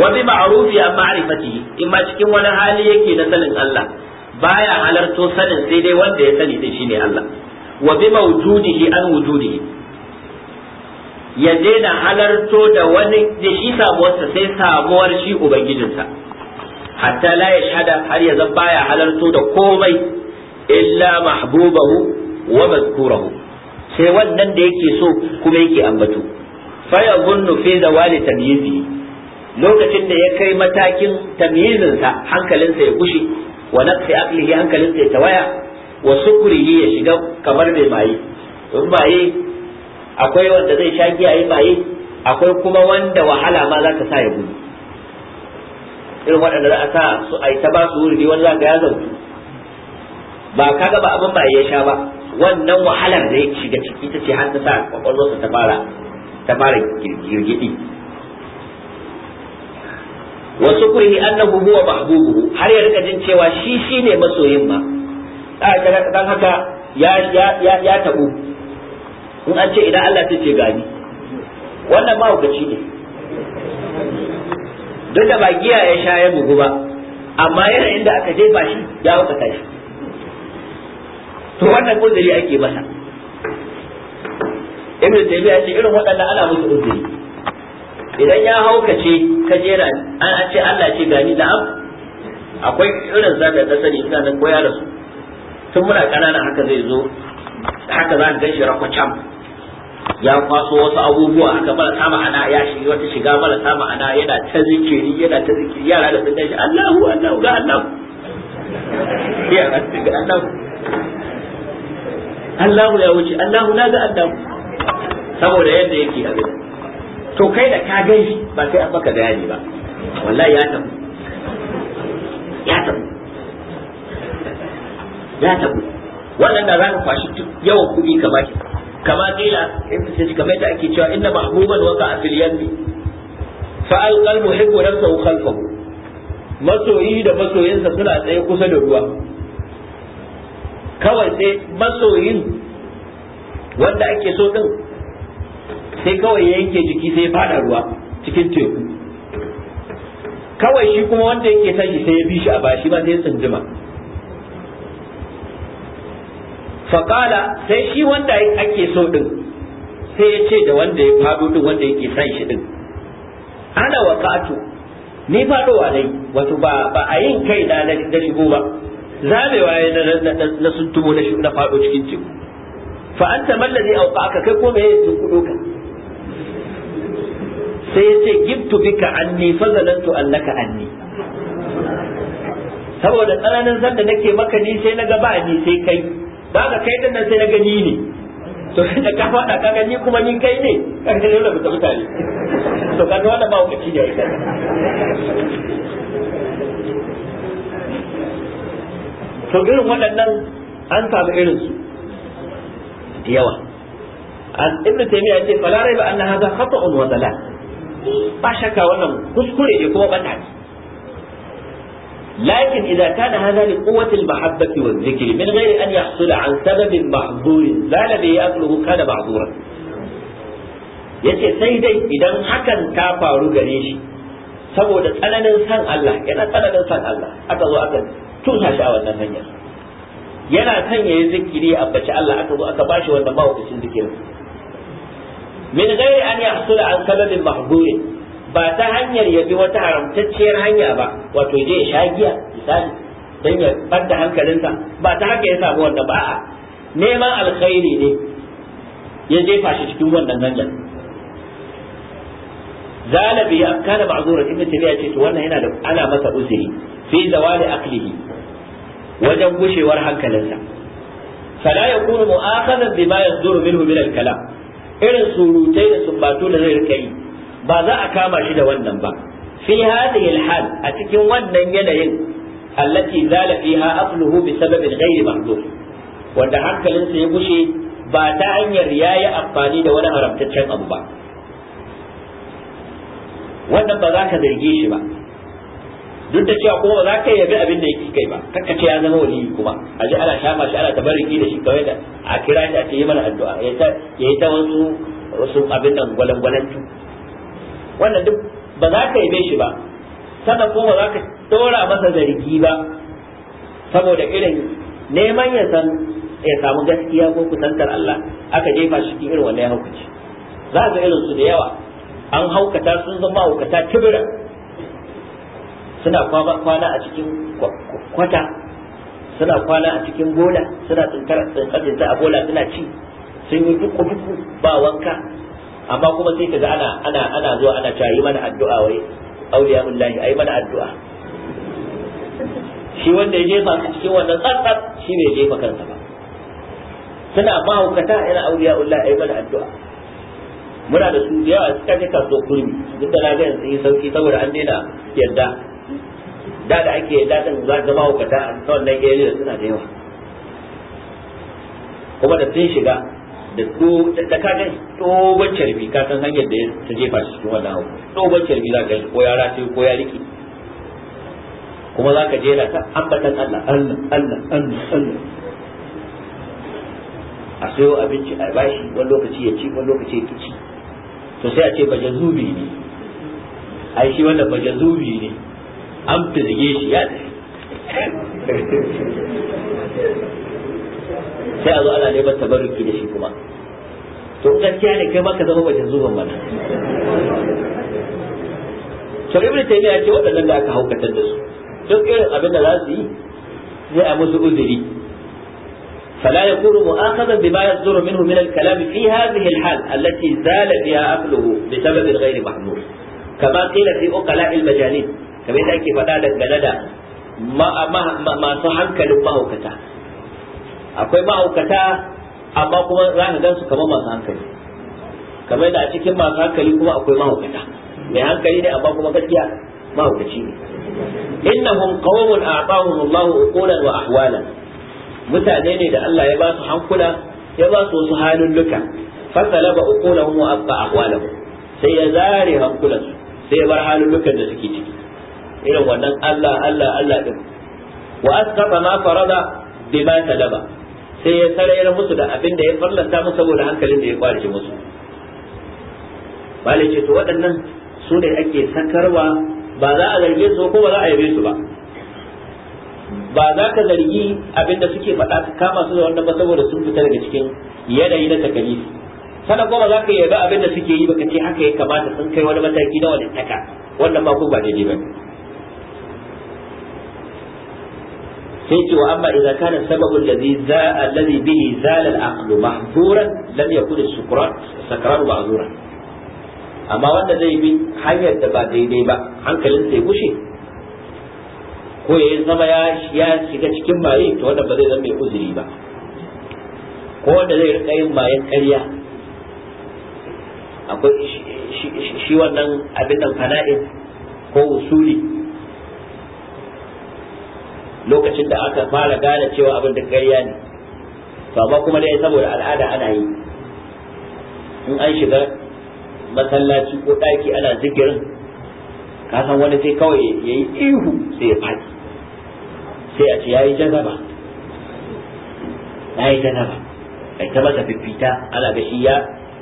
wa bi ma'rufi an ma'rifati in ma cikin wani hali yake na sanin Allah baya halarto sanin sai dai wanda ya sani din ne Allah wa bi mawjudihi an wujudihi ya daina halarto da wani da shi samuwarsa sai samuwar shi ubangijinsa hatta la yashhada har ya zan baya halarto da komai illa mahbubahu wa mazkurahu sai wannan da yake so kuma yake ambato fa yadhunnu fi zawali tamyizi lokacin da ya kai matakin tamyizinsa hankalinsa ya kushe wa nafsi aqlihi hankalinsa ya tawaya wa sukrihi ya shiga kamar mai maye in maye akwai wanda zai sha giya maye akwai kuma wanda wahala ma za sa ya gudu irin waɗanda za a sa su ai ta ba su wuri wani za ka ya zautu ba kaga ba abin ba ya sha ba wannan wahalar da ya shiga ciki ta ce har ta sa kwakwalwarsa ta fara ta fara girgidi wa sukrihi annahu huwa mahbubu har ya rika jin cewa shi shine masoyin ma dan haka ya ya ya tabu in an ce idan Allah ta ce gani wannan ma hukaci ne duk da ba giya ya sha ya bugu ba amma yana inda aka ba shi ya hukata shi to wannan uzuri ake masa ibnu taymiya ce irin waɗannan ana musu uzuri idan ya haukace ka jera an ce Allah ce gani am akwai irin zaga da sani ina nan ko yaro tun muna kanana haka zai zo haka za ka ganshi rakwacam ya kwaso wasu abubuwa haka bala ta ma'ana ya shiga wata shiga bala ta ma'ana yana ta zikiri yana ta zikiri yara da sun gashi Allahu Allahu ga Allah ya ga Allah Allahu ya wuce Allahu na ga Allah saboda yadda yake abin to kai da ka gani ba sai an maka bayani ba wallahi ya tabu ya tabu ya tabu da za ka kwashi yawan kuɗi ka baki kama kila kamar yadda ake cewa inna mahbuban waka a fa fa'alqal muhibbu nafsahu khalfahu masoyi da masoyinsa suna tsaye kusa da ruwa kawai sai masoyin wanda ake so din sai kawai ya yanke jiki sai ya fada ruwa cikin teku kawai shi kuma wanda yake son shi sai ya bi shi a bashi ba sai ya tsindima faƙala sai shi wanda ake so din sai ya ce da wanda ya fado din wanda yake son shi din ana waƙatu ni faɗowa ne wato ba a yin kai na shigo ba zamewa ya na sun tumo na faɗo cikin teku fa anta mallazi aka kai ko me ya tunkudo ka sai yace gibtu bika anni fa zalantu annaka anni saboda tsananin zan da nake maka ni sai naga ba ni sai kai daga kai din nan sai naga ni ne to da ka faɗa ka ga ni kuma ni kai ne ka ga dole mutane to ka ga wannan ba wuce ne to irin waɗannan an samu irin su yawa ibn taymiya yace, fala raiba anna hadha khata'un wa dalal ba shakka wannan kuskure ne kuma bata ne lakin idza kana hadha li quwwati al-mahabbati wa dhikri min ghairi an yahsula an sababin mahdhur zala bi aqluhu kana ma'dhuran yace sai dai idan hakan ta faru gare shi saboda tsananin san Allah yana tsananin san Allah aka zo aka tusa shi a wannan hanyar yana son ya yi zikiri a bace Allah aka zo aka bashi wannan mahaukacin zikirin min gairi an yahsula an kalalin mahdure ba ta hanyar ya bi wata haramtacciyar hanya ba wato je ya sha giya misali dan ya fadda hankalinsa ba ta haka ya samu wannan ba neman alkhairi ne ya jefa shi cikin wannan hanyar zalabi ya kana ma'zura ibn tabi'a ce to wannan yana da ana masa uzuri fi zawali aqlihi wajen gushewar hankalinsa fala yakunu mu'akhadan bima yaduru minhu min al-kalam irin surutai da sumbatu da zai rika yi ba za a kama shi da wannan ba fi hadhihi al-hal a cikin wannan yanayin allati zala fiha aqluhu bi sababin ghairi mahdhur wanda hankalinsa ya gushe ba ta hanyar yayi amfani da wani haramtaccen abu ba wannan ba za ka zarge shi ba duk da cewa kuma ba za ka yabi abin da yake kai ba kaka ce ya zama waliyi kuma a ji ana shama shi ana tabarriki da shi kawai da a kira shi a ce yi mana addu'a ya yi ta wasu wasu abin nan tu wannan duk ba za ka yabe shi ba sannan kuma ba za ka dora masa zargi ba saboda irin neman ya san ya samu gaskiya ko kusantar Allah aka jefa shi cikin irin wannan ya hukunci za ga irin su da yawa an haukata sun zama haukata kibira suna kwana a cikin kwata suna kwana a cikin bola suna tsinkar a bola suna ci sun yi duk duku ba wanka amma kuma sai kaga ana ana ana zuwa ana cewa yi mana addu'a wai auliya billahi ayi mana addu'a shi wanda ya jefa a cikin wannan tsatsat shi bai jefa kansa ba suna mahaukata ina auliya billahi ayi mana addu'a muna da su yawa cikin je kasuwar kurmi duk da na sun yi sauki saboda an daina yadda da da ake yadda din za ga kata a na gari da suna da yawa kuma da sun shiga da ko da ka gani tsohon carbi ka san hanyar da ta jefa shi cikin wannan hauka tsohon carbi za ka gani ko ya rataye ko ya riki kuma za ka jera ta ambatan Allah Allah Allah Allah Allah a sayo abinci a bashi wani lokaci ya ci wani lokaci ya ci to sai a ce bajazubi ne ai shi wanda wannan bajazubi ne an fizge shi ya sai a zo ana neman tabarruki da shi kuma to gaskiya ne kai ma ka zama bajazuban mana to ibn taymiya ya ce waɗannan da aka haukatar da su duk irin abin da za su yi zai a musu uzuri فلا يكون مؤاخذا بما يصدر منه من الكلام في هذه الحال التي زال فيها عقله بسبب غير محمود كما قيل في أقلاء المجانين كما يتأكد فدا دنگندا hankalin mahaukata akwai mahaukata amma kuma za ka gansu kamar masu hankali kamar da a cikin masu hankali kuma akwai mahaukata mai hankali ne amma kuma gaskiya mahaukaci ne innahum qawmun a'tahum Allahu uqulan wa ahwalan mutane ne da Allah ya ba su hankula ya ba su wasu halulluka fasala ba uku lahum wa abba ahwalahum sai ya zare hankulansu sai ya bar halullukan da suke ciki irin wannan Allah Allah Allah din wa asqata ma farada bima talaba sai ya sarayar musu da abin da ya farlanta musu saboda hankalin da ya kwalice musu malai ce to waɗannan su ne ake sakarwa ba za a zarge su ko ba za a yabe su ba ba za ka zargi abin da suke faɗa ka kama su da wannan ba saboda sun fita daga cikin yanayi na takalifi sannan ba za ka yaba abin da suke yi baka ce haka ya kamata sun kai wani mataki na wani taka wannan ma ko ba daidai ba sai ce wa amma idza kana sababu allazi lalle allazi bihi zala al-aql mahduran lam yakun as sakran ma'zuran amma wanda zai bi hanyar da ba daidai ba hankalin sai gushe ko ya yi zama ya shiga cikin maye to wannan ba zai zama mai uzuri ba ko wanda zai rika yin mayan ƙarya akwai shi wannan abin nan fana'in ko usuli lokacin da aka fara gane cewa abin da ƙarya ne to amma kuma dai saboda al'ada ana yi in an shiga masallaci ko ɗaki ana zikirin ka san wani sai kawai ya yi ihu sai ya faɗi sai a ce yayi jazaba yayi jazaba ai ta masa fifita ana ga shi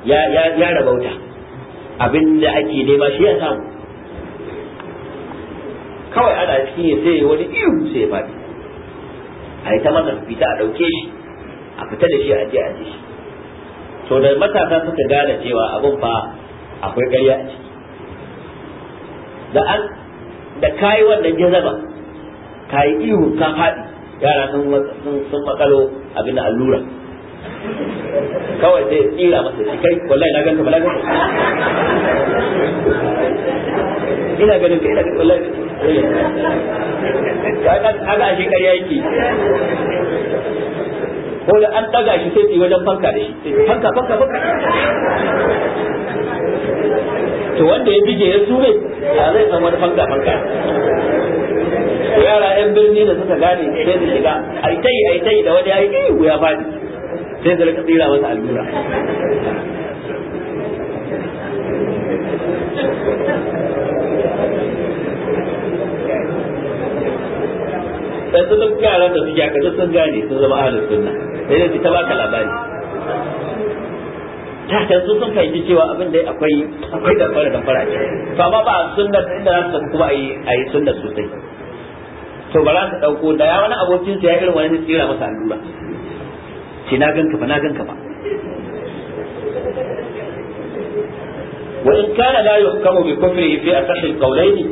ya ya rabauta abinda ake nema shi ya samu kawai ana ciki ne sai wani iyu sai ya faɗi a yi ta masa fita a ɗauke shi a fita da shi a je a je shi to da matasa suka gane cewa abin fa akwai ƙarya a ciki da an da kayi wannan jazaba ka yi ihu ka faɗi yara sun makalo abin allura kawai sai tsira masa shi kai wallahi na ganka bala ganka ina ganin ka ina ganin wallahi kaga ashe ƙarya yake ko da an daga shi sai wajen fanka da shi fanka fanka fanka to wanda ya bige ya sube a zai san wani fanka fanka yara yan birni da suka gane sai su shiga aitai aitai da wani yayi ihu ya fadi sai su tsira masa allura su duk yaran da suke aka sun gane sun zama ahli sunna sai dai ta baka labari ta su sun fahimci cewa abin da akwai akwai da fara da fara ce to amma ba sunnar inda za su kuma ayi ayi sunnar sosai to ba za su dauko da ya wani abokin sa ya irin wani tsira masa allura ce na ganka ba na ganka ba wa in kana la yuhkamu bi kufrihi fi asahi al-qawlayn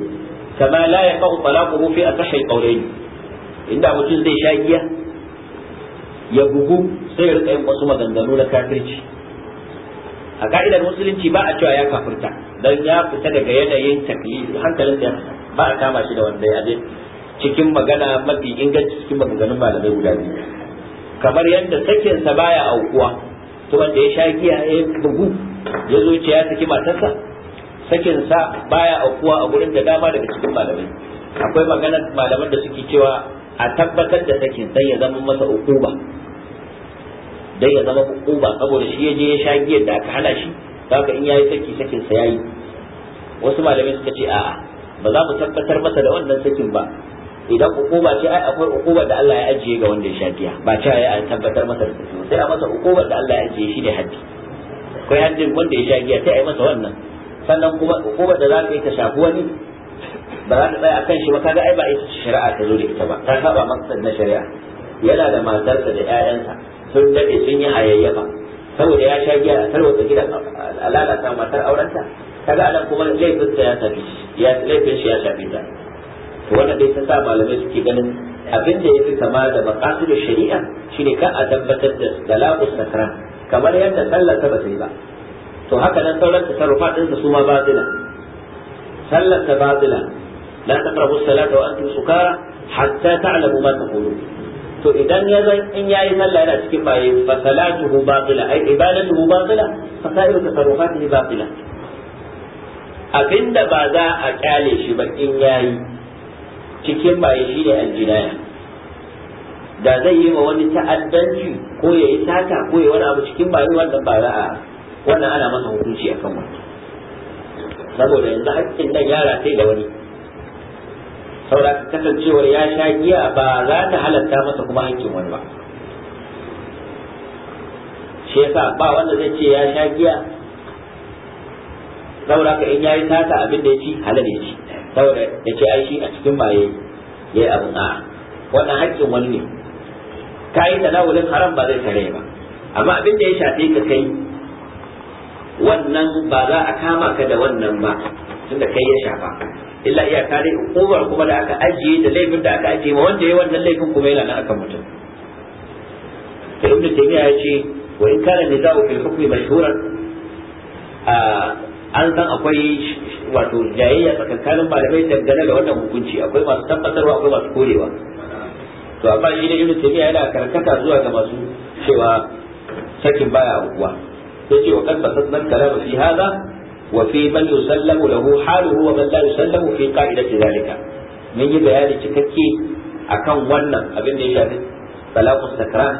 kama la yaqau talaquhu fi asahi al-qawlayn inda mutum zai sha giya ya bugu sai ya rika yin wasu maganganu na kafirci a ka'idar musulunci ba a cewa ya kafirta dan ya fita daga yanayin taklifi hankalin ya ba a kama shi da wanda ya je cikin magana mafi inganci cikin maganganun malamai guda biyu kamar yadda sakin sa baya aukuwa to wanda ya sha giya ya bugu ya zo ce ya saki matarsa sakin sa baya aukuwa a gurin da dama daga cikin malamai akwai magana malaman da suke cewa a tabbatar da sakin sai ya zama masa ukuba dai ya zama ukuba saboda shi ya je ya sha giyar da aka hana shi haka in yayi saki sakin sa yayi wasu malamai suka ce a'a ba za mu tabbatar masa da wannan sakin ba idan hukuma ce ai akwai hukumar da Allah ya ajiye ga wanda ya sha giya ba ce ai an tabbatar masa da su sai a masa hukumar da Allah ya ajiye shi ne haddi akwai haddin wanda ya sha giya sai yi masa wannan sannan kuma hukumar da za ka yi ta shafi wani ba za ta tsaya akan shi ba ka ga ai ba ita shari'a ta zo da ita ba ta saba masa na shari'a yana da matarsa da ƴaƴansa sun dade sun yi hayayyafa saboda ya sha giya a tarwata gidan lalata matar aurenta kaga anan kuma laifin ya shafi ya laifin shi ya shafi ta to wannan dai ta sa malamai suke ganin abin da yafi kama da maqasid shari'a shine ka a tabbatar da talaqu sakran kamar yadda sallar ta bace yi ba to haka nan sauran tasarrufa din su ma batila sallar ta batila la taqrabu salata wa antum sukara hatta ta'lamu ma taqulu to idan ya zan in yayi sallah yana cikin baye fa salatuhu batila ai ibadatuhu batila fa sa'iru tasarrufatihi batila abinda ba za a kyale shi ba in yayi cikin baye shi ne aljinaya da zai yi wa wani ta'addanci ko ya yi sata ko ya wani abu cikin baye wannan ba za a wannan ana masa hukunci a kan wani saboda yanzu haƙƙin nan yara sai da wani saboda kasancewar ya sha giya ba za ta halatta masa kuma haƙƙin wani ba shi yasa ba wanda zai ce ya sha giya saboda ka in yayi sata abin da ya ci halal ya ci saboda ya ce shi a cikin maye ya yi abin a wannan haƙƙin wani ne ka yi tanawulin haram ba zai tare ba amma abin da ya shafe ka kai wannan ba za a kama ka da wannan ba tunda kai ya shafa illa iya kare hukumar kuma da aka ajiye da laifin da aka ajiye ma wanda ya wannan laifin kuma yana nan akan mutum to ibnu taymiya ya ce wa in kana nizau fil hukmi mashhuran an san akwai wato jayayya tsakankanin malamai dangane da wannan hukunci akwai masu tabbatarwa akwai masu korewa to amma shi ne ibnu taymiya yana karkata zuwa ga masu cewa sakin baya hukuwa sai ce wa kan basatna kalama fi hada wa fi man yusallamu lahu haluhu wa man la yusallamu fi qa'idati zalika mun yi bayani cikakke akan wannan abin da ya shafi talaqu sakran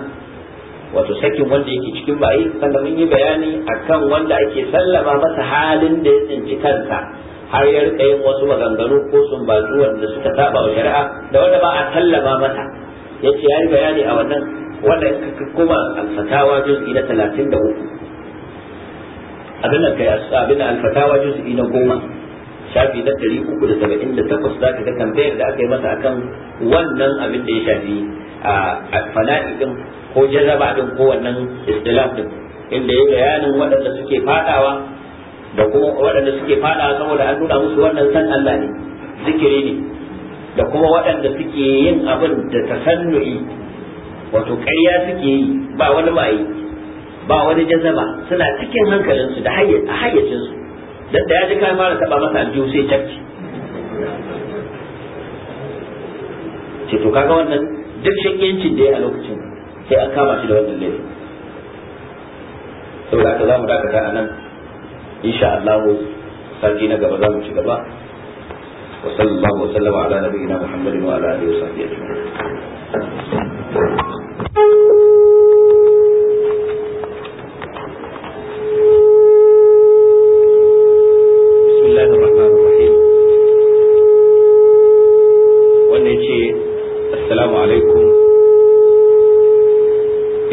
wato sakin wanda yake cikin bayi sannan mun yi bayani akan wanda ake sallama masa halin da ya tsinci kansa har ya rika yin wasu maganganu ko sumbatu wanda suka saba wa shari'a da wanda ba a tallama mata yace yayi bayani a wannan wanda kuma al-fatawa juz'i na 33 abin da kai abin da al-fatawa juz'i na 10 shafi na 378 zaka ga tambayar da aka yi masa akan wannan abin da ya shafi a fana'i din ko jarraba din ko wannan istilaf din inda ya bayanin waɗanda suke fadawa da kuma waɗanda suke fada saboda an nuna musu wannan san Allah ne zikiri ne da kuma waɗanda suke yin abin da tasannu'i wato ƙarya suke yi ba wani maye ba wani jazaba suna cikin hankalinsu da hayyacinsu dan da ya ji kayan mara taɓa masa aljihu sai tafi. ce to kaga wannan duk shakiyancin da ya a lokacin sai an kama shi da wannan laifin saboda aka za mu dakata a nan insha Allah sarki na gaba za mu ci gaba wa sallallahu wa sallama ala nabiyina muhammadin wa ala alihi wa sahbihi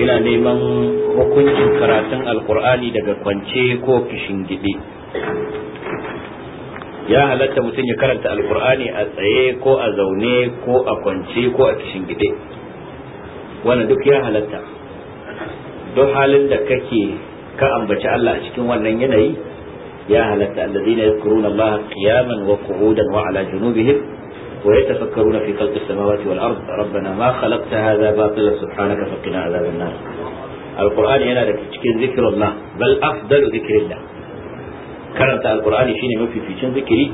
ajma'in neman alkur'ani daga kwance ko kishingide ya halatta mutum ya karanta alkur'ani a tsaye ko a zaune ko a kwance ko a kishingide wannan duk ya halatta duk halin da kake ka ambaci Allah a cikin wannan yanayi ya halatta alladhina yadhkuruna Allah qiyaman wa qu'udan wa ala junubihim ويتفكرون في خلق السماوات والأرض ربنا ما خلقت هذا باطلا سبحانك فقنا عذاب النار alqur'ani yana da cikin zikrullah bal afdalu zikrillah karanta alqur'ani shine mafificin zikiri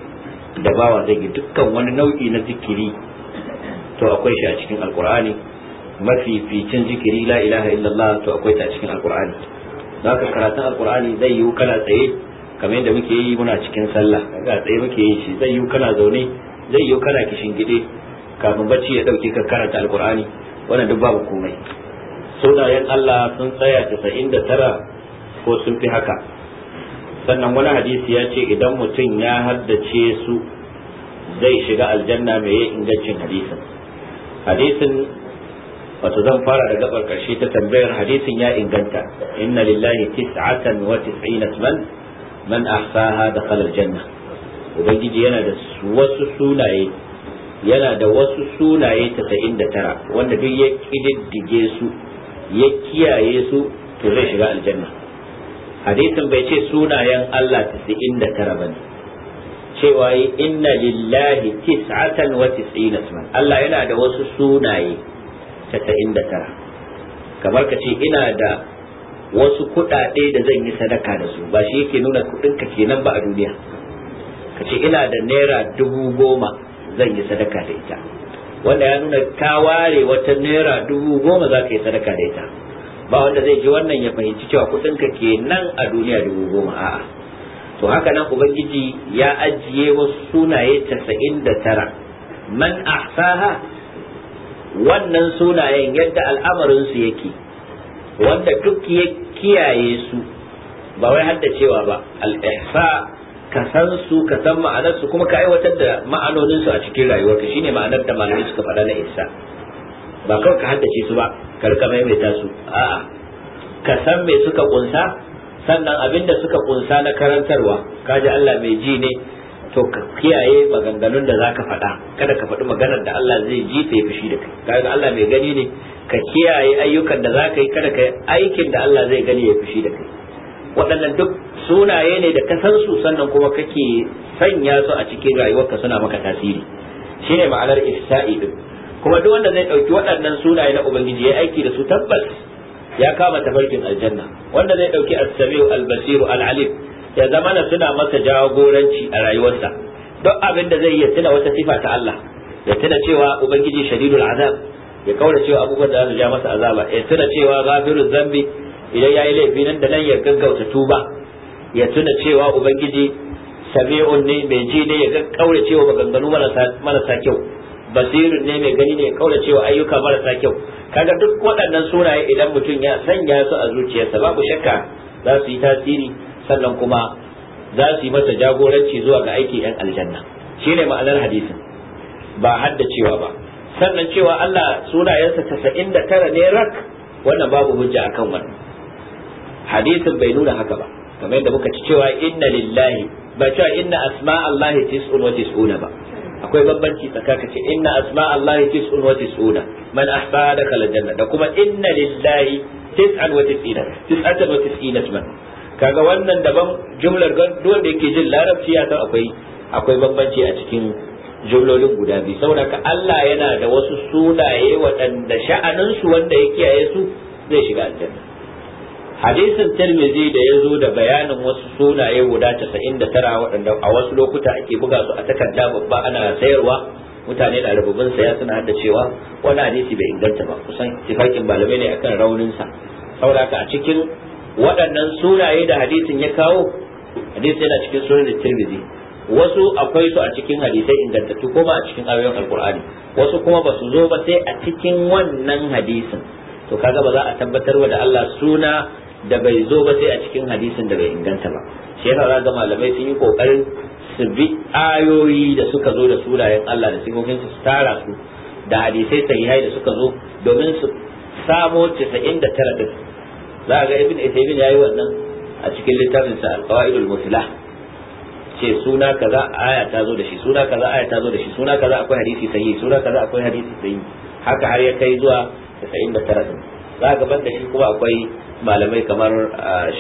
da bawa zai yi dukkan wani nau'i na zikiri to akwai shi a cikin alqur'ani mafificin zikiri la ilaha illallah to akwai ta cikin alqur'ani zaka karatun alqur'ani zai yi kana tsaye kamar yadda muke yi muna cikin sallah kaga tsaye muke yi shi zai yi kana zaune zai yi kana kishin gide kafin bacci ya dauke ka karanta alqur'ani wannan duk babu komai sunayen Allah sun tsaya da tara ko sun fi haka sannan wani hadisi ya ce idan mutum ya haddace su zai shiga aljanna mai ingancin hadisin hadisin wato zan fara da gabar karshe ta tambayar hadisin ya inganta inna lillahi tis'atan wa tis'ina man man ahsaha dakhala aljanna ubangiji yana da wasu sunaye yana da wasu sunaye 99 wanda duk ya kididdige su ya kiyaye su to zai shiga aljanna hadisin bai ce sunayen Allah 99 bane cewa inna lillahi tis'atan wa tis'ina asman Allah yana da wasu sunaye 99 kamar ka ce ina da wasu kuɗaɗe da zan yi sadaka da su ba shi yake nuna kuɗin ka kenan ba a duniya ka ce ina da naira dubu goma zan yi sadaka da ita wanda ya nuna ka ware wata naira dubu goma za ka yi sadaka da ita ba wanda zai ji wannan ya fahimci cewa kuɗinka nan a duniya dubu goma a'a to haka nan ubangiji ya ajiye wasu sunaye casa'in da tara man ahsaha wannan sunayen yadda al'amarin su yake wanda duk ya kiyaye su ba wai hadda cewa ba al ka san su ka san ma'anar su kuma ka aiwatar da ma'anonin su a cikin rayuwarka shine ma'anar da malami suka faɗa na isa ba kawai ka haddace su ba ka rika maimaita su a'a ka san me suka kunsa sannan abin da suka kunsa na karantarwa kaji Allah mai ji ne to ka kiyaye maganganun da zaka faɗa kada ka faɗi maganar da Allah zai ji ta fushi da kai kaga Allah mai gani ne ka kiyaye ayyukan da zaka yi kada ka aikin da Allah zai gani ya fushi da kai waɗannan duk sunaye ne da ka san su sannan kuma kake sanya su a cikin rayuwarka suna maka tasiri shine ma'anar ihsa'i din kuma duk wanda zai ɗauki waɗannan sunaye na ubangiji ya aiki da su tabbas ya kama tafarkin aljanna wanda zai ɗauki as-sami'u al-basiru al-alim ya zama na suna masa jagoranci a rayuwarsa duk abin da zai iya tuna wata sifa ta Allah ya tuna cewa ubangiji shadidul azab ya kaura cewa abubuwan da za su ja masa azaba ya tuna cewa ghafiruz zambi idan ya yi laifi nan da nan ya gaggauta tuba ya tuna cewa ubangiji sami'un ne mai ji ne ya kaura cewa maganganu marasa kyau basirin ne mai gani ne ya kaura cewa ayyuka marasa kyau kaga duk waɗannan sunaye idan mutum ya sanya su a zuciyarsa babu shakka za su yi tasiri sannan kuma za su yi masa jagoranci zuwa ga aiki yan aljanna shine ma'anar hadisin ba hadda haddacewa ba sannan cewa Allah sunayensa 99 ne rak wannan babu hujja akan wannan hadisin bai nuna haka ba kamar yadda muka ci cewa inna lillahi ba cewa inna asma Allah tis'un wa tis'una ba akwai bambanci tsakaka ce inna asma Allah tis'un wa tis'una man ahsana kala janna da kuma inna lillahi tis'an wa tis'ina tis'atan wa tis'ina man kaga wannan daban jumlar gan da yake jin larabci ya san akwai akwai bambanci a cikin jumlolin guda biyu saboda ka Allah yana da wasu sunaye waɗanda sha'anin su wanda ya kiyaye su zai shiga aljanna hadisin tirmidhi da ya zo da bayanin wasu sunaye guda 99 waɗanda a wasu lokuta ake buga su a takarda babba ana sayarwa mutane da rububin saya suna hada cewa wani hadisi bai inganta ba kusan tifakin malamai ne akan raunin sa a cikin waɗannan sunaye da hadisin ya kawo hadisi yana cikin sunan tirmidhi wasu akwai su a cikin hadisai ingantattu kuma a cikin ayoyin alkur'ani wasu kuma ba su zo ba sai a cikin wannan hadisin to kaga ba za a tabbatar wa da Allah suna da bai zo ba sai a cikin hadisin da bai inganta ba shi yasa za ga malamai sun yi kokarin su bi ayoyi da suka zo da sunayen Allah da sifofin su tara su da hadisai sahihai da suka zo domin su samo 99 din za ga ibn Isaibin yayi wannan a cikin littafin sa al-qawaidul muslah ce suna kaza aya ta zo da shi suna kaza aya ta zo da shi suna kaza akwai hadisi sahihi suna kaza akwai hadisi sahihi haka har ya kai zuwa 99 din za gaban da shi kuma akwai malamai kamar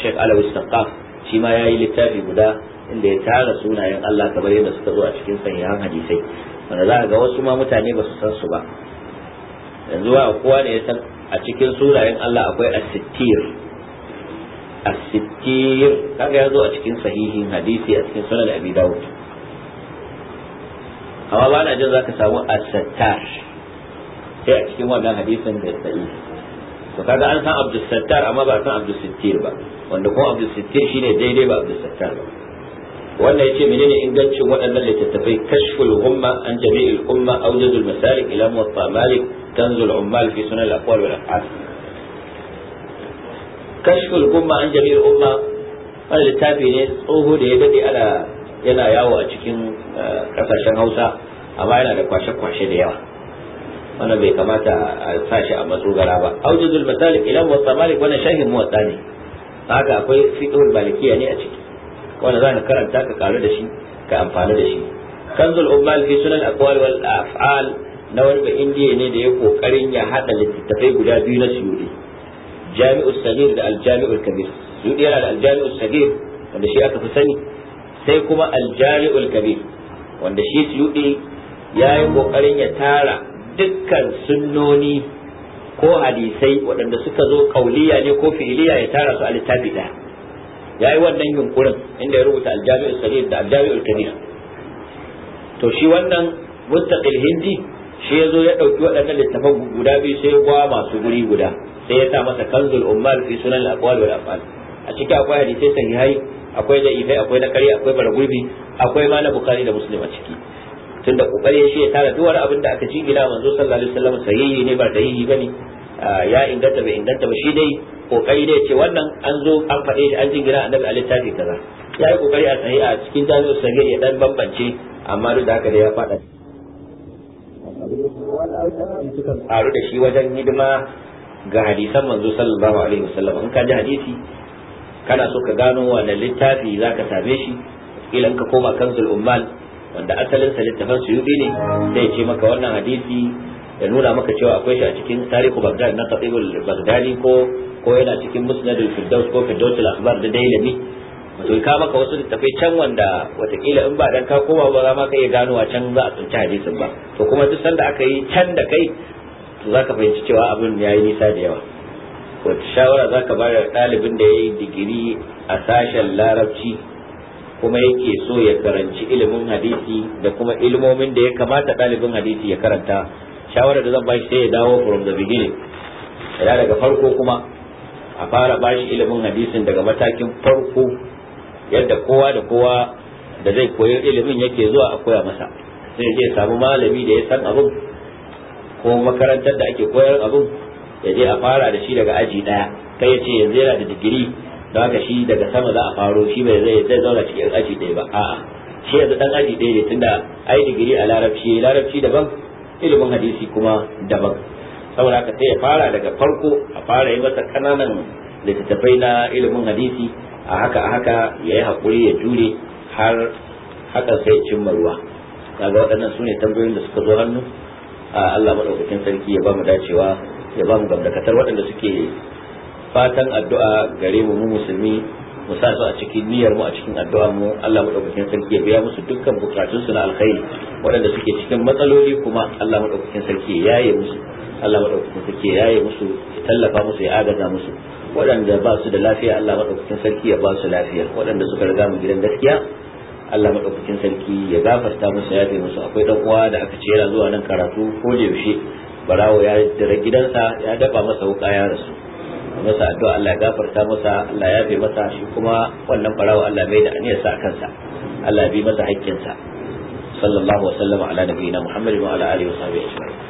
Sheikh Alawi Saqaf shi ma yayi littafi guda inda ya tara sunayen Allah kamar yadda suka zo a cikin sahihan hadisai wanda za ga wasu ma mutane ba su san su ba yanzu ba kowa ne ya san a cikin sunayen Allah akwai as-sittir as-sittir kaga ya zo a cikin sahihin hadisi a cikin sunan Abi Dawud amma ba na jin zaka samu as-sattar sai a cikin wannan hadisin da sahihi to kaga an san abdus sattar amma ba san abdus sittir ba wanda kuma abdus sittir shine daidai ba abdus sattar ba wannan yace menene ingancin waɗannan littattafai kashful umma an jami'il umma awjadul masalik ila muwatta malik kanzul ummal fi sunan al-aqwal wal af'al kashful umma an jami'il umma wani littafi ne tsoho da ya dade ana yana yawo a cikin kasashen eh, Hausa amma yana da kwashe-kwashe da yawa wannan bai kamata a sashi a matsugara ba aujizul masalik ila muwatta malik wannan shahin muwatta ne haka akwai fiqhul malikiya ne a ciki wanda zan karanta ka karu da shi ka amfana da shi kanzul ummal fi sunan aqwal wal af'al na wani ba indiya ne da ya kokarin ya hada littattafai guda biyu na suyudi jami'us sagir da aljami'ul kabir suyudi yana da aljami'us sagir wanda shi aka fi sani sai kuma aljami'ul kabir wanda shi suyudi ya yi kokarin ya tara dukkan sunnoni ko hadisai waɗanda suka zo kauliya ne ko fi'iliya ya tara su a littafi ɗaya ya yi wannan yunkurin inda ya rubuta aljami'u sarir da aljami'u kabir to shi wannan mustaqil hindi shi ya zo ya ɗauki waɗannan littafan guda biyu sai ya masu guri guda sai ya sa masa kanzul ummal fi sunan al-aqwal wal af'al a cikin akwai hadisai sahihai akwai da ifai akwai na ƙarya akwai baragurbi akwai ma na bukari da muslim a ciki tunda kokari shi ya tara duwar abin da aka jingina manzo sallallahu alaihi wasallam sahihi ne ba ba ne. ya inganta bai inganta ba shi dai kokari ne ce wannan an zo an faɗe shi an jingina annabi alaihi tafi kaza ya yi kokari a sahiha a cikin jami'u sahih ya dan bambance amma duk da haka dai ya faɗa faru da shi wajen hidima ga hadisan manzo sallallahu alaihi wasallam in ka ji hadisi kana so ka gano wani littafi zaka same shi ilan ka koma kanzul ummal wanda asalin sa littafin yubi ne zai ce maka wannan hadisi ya nuna maka cewa akwai shi a cikin tarihu bagdad na khatibul bagdadi ko ko yana cikin musnadul firdaus ko firdausul akhbar da dailami to ka maka wasu littafai can wanda watakila in ba dan ka koma ba za ma ka iya ganowa can za a tsinci hadisin ba to kuma duk sanda aka yi can da kai to za ka fahimci cewa abin ya yi nisa da yawa wata shawara za ka bayar ɗalibin da ya yi digiri a sashen larabci kuma yake so ya karanci ilimin hadisi da kuma ilimomin da ya kamata ɗalibin hadisi ya karanta shawarar da zan bashi sai ya dawo from the beginning ya daga farko kuma a fara bashi ilimin hadisin daga matakin farko yadda kowa da kowa da zai koyi ilimin yake zuwa a koya masa sai je samu malami da ya san abin ko makarantar da ake koyar abin ya je a fara da shi daga aji ɗaya. kai ya ce yanzu yana da digiri don haka shi daga sama za a faro shi bai zai zai zauna cikin aji ɗaya ba a'a shi yanzu dan aji ɗaya ne tunda ai digiri a larabci larabci daban ilimin hadisi kuma daban saboda haka sai ya fara daga farko a fara yi masa kananan littattafai na ilimin hadisi a haka a haka ya yi haƙuri ya jure har hakan sai cimma ruwa kaga waɗannan su ne tambayoyin da suka zo hannu Allah maɗaukakin sarki ya ba mu dacewa ya ba mu gamdakatar waɗanda suke fatan addu'a gare mu mu musulmi mu sa su a cikin niyyar mu a cikin addu'a mu Allah madaukakin sarki ya biya musu dukkan bukatun su na alkhairi waɗanda suke cikin matsaloli kuma Allah madaukakin sarki ya yaye musu Allah madaukakin sarki ya yaye musu ya tallafa musu ya agaza musu waɗanda ba su da lafiya Allah madaukakin sarki ya ba su lafiya waɗanda suka riga mu gidan gaskiya Allah madaukakin sarki ya gafarta musu ya yi musu akwai dan uwa da aka ce yana zuwa nan karatu ko da yaushe barawo ya dira gidansa ya daba masa wuka ya rasu masa addu'a Allah ya gafarta masa Allah ya yafe masa shi kuma wannan barawa Allah mai da aniyar sa kansa Allah bi masa haƙƙinsa sallallahu alaihi wa sallam ala nabiyina Muhammadin wa ala alihi wa sahbihi ajma'in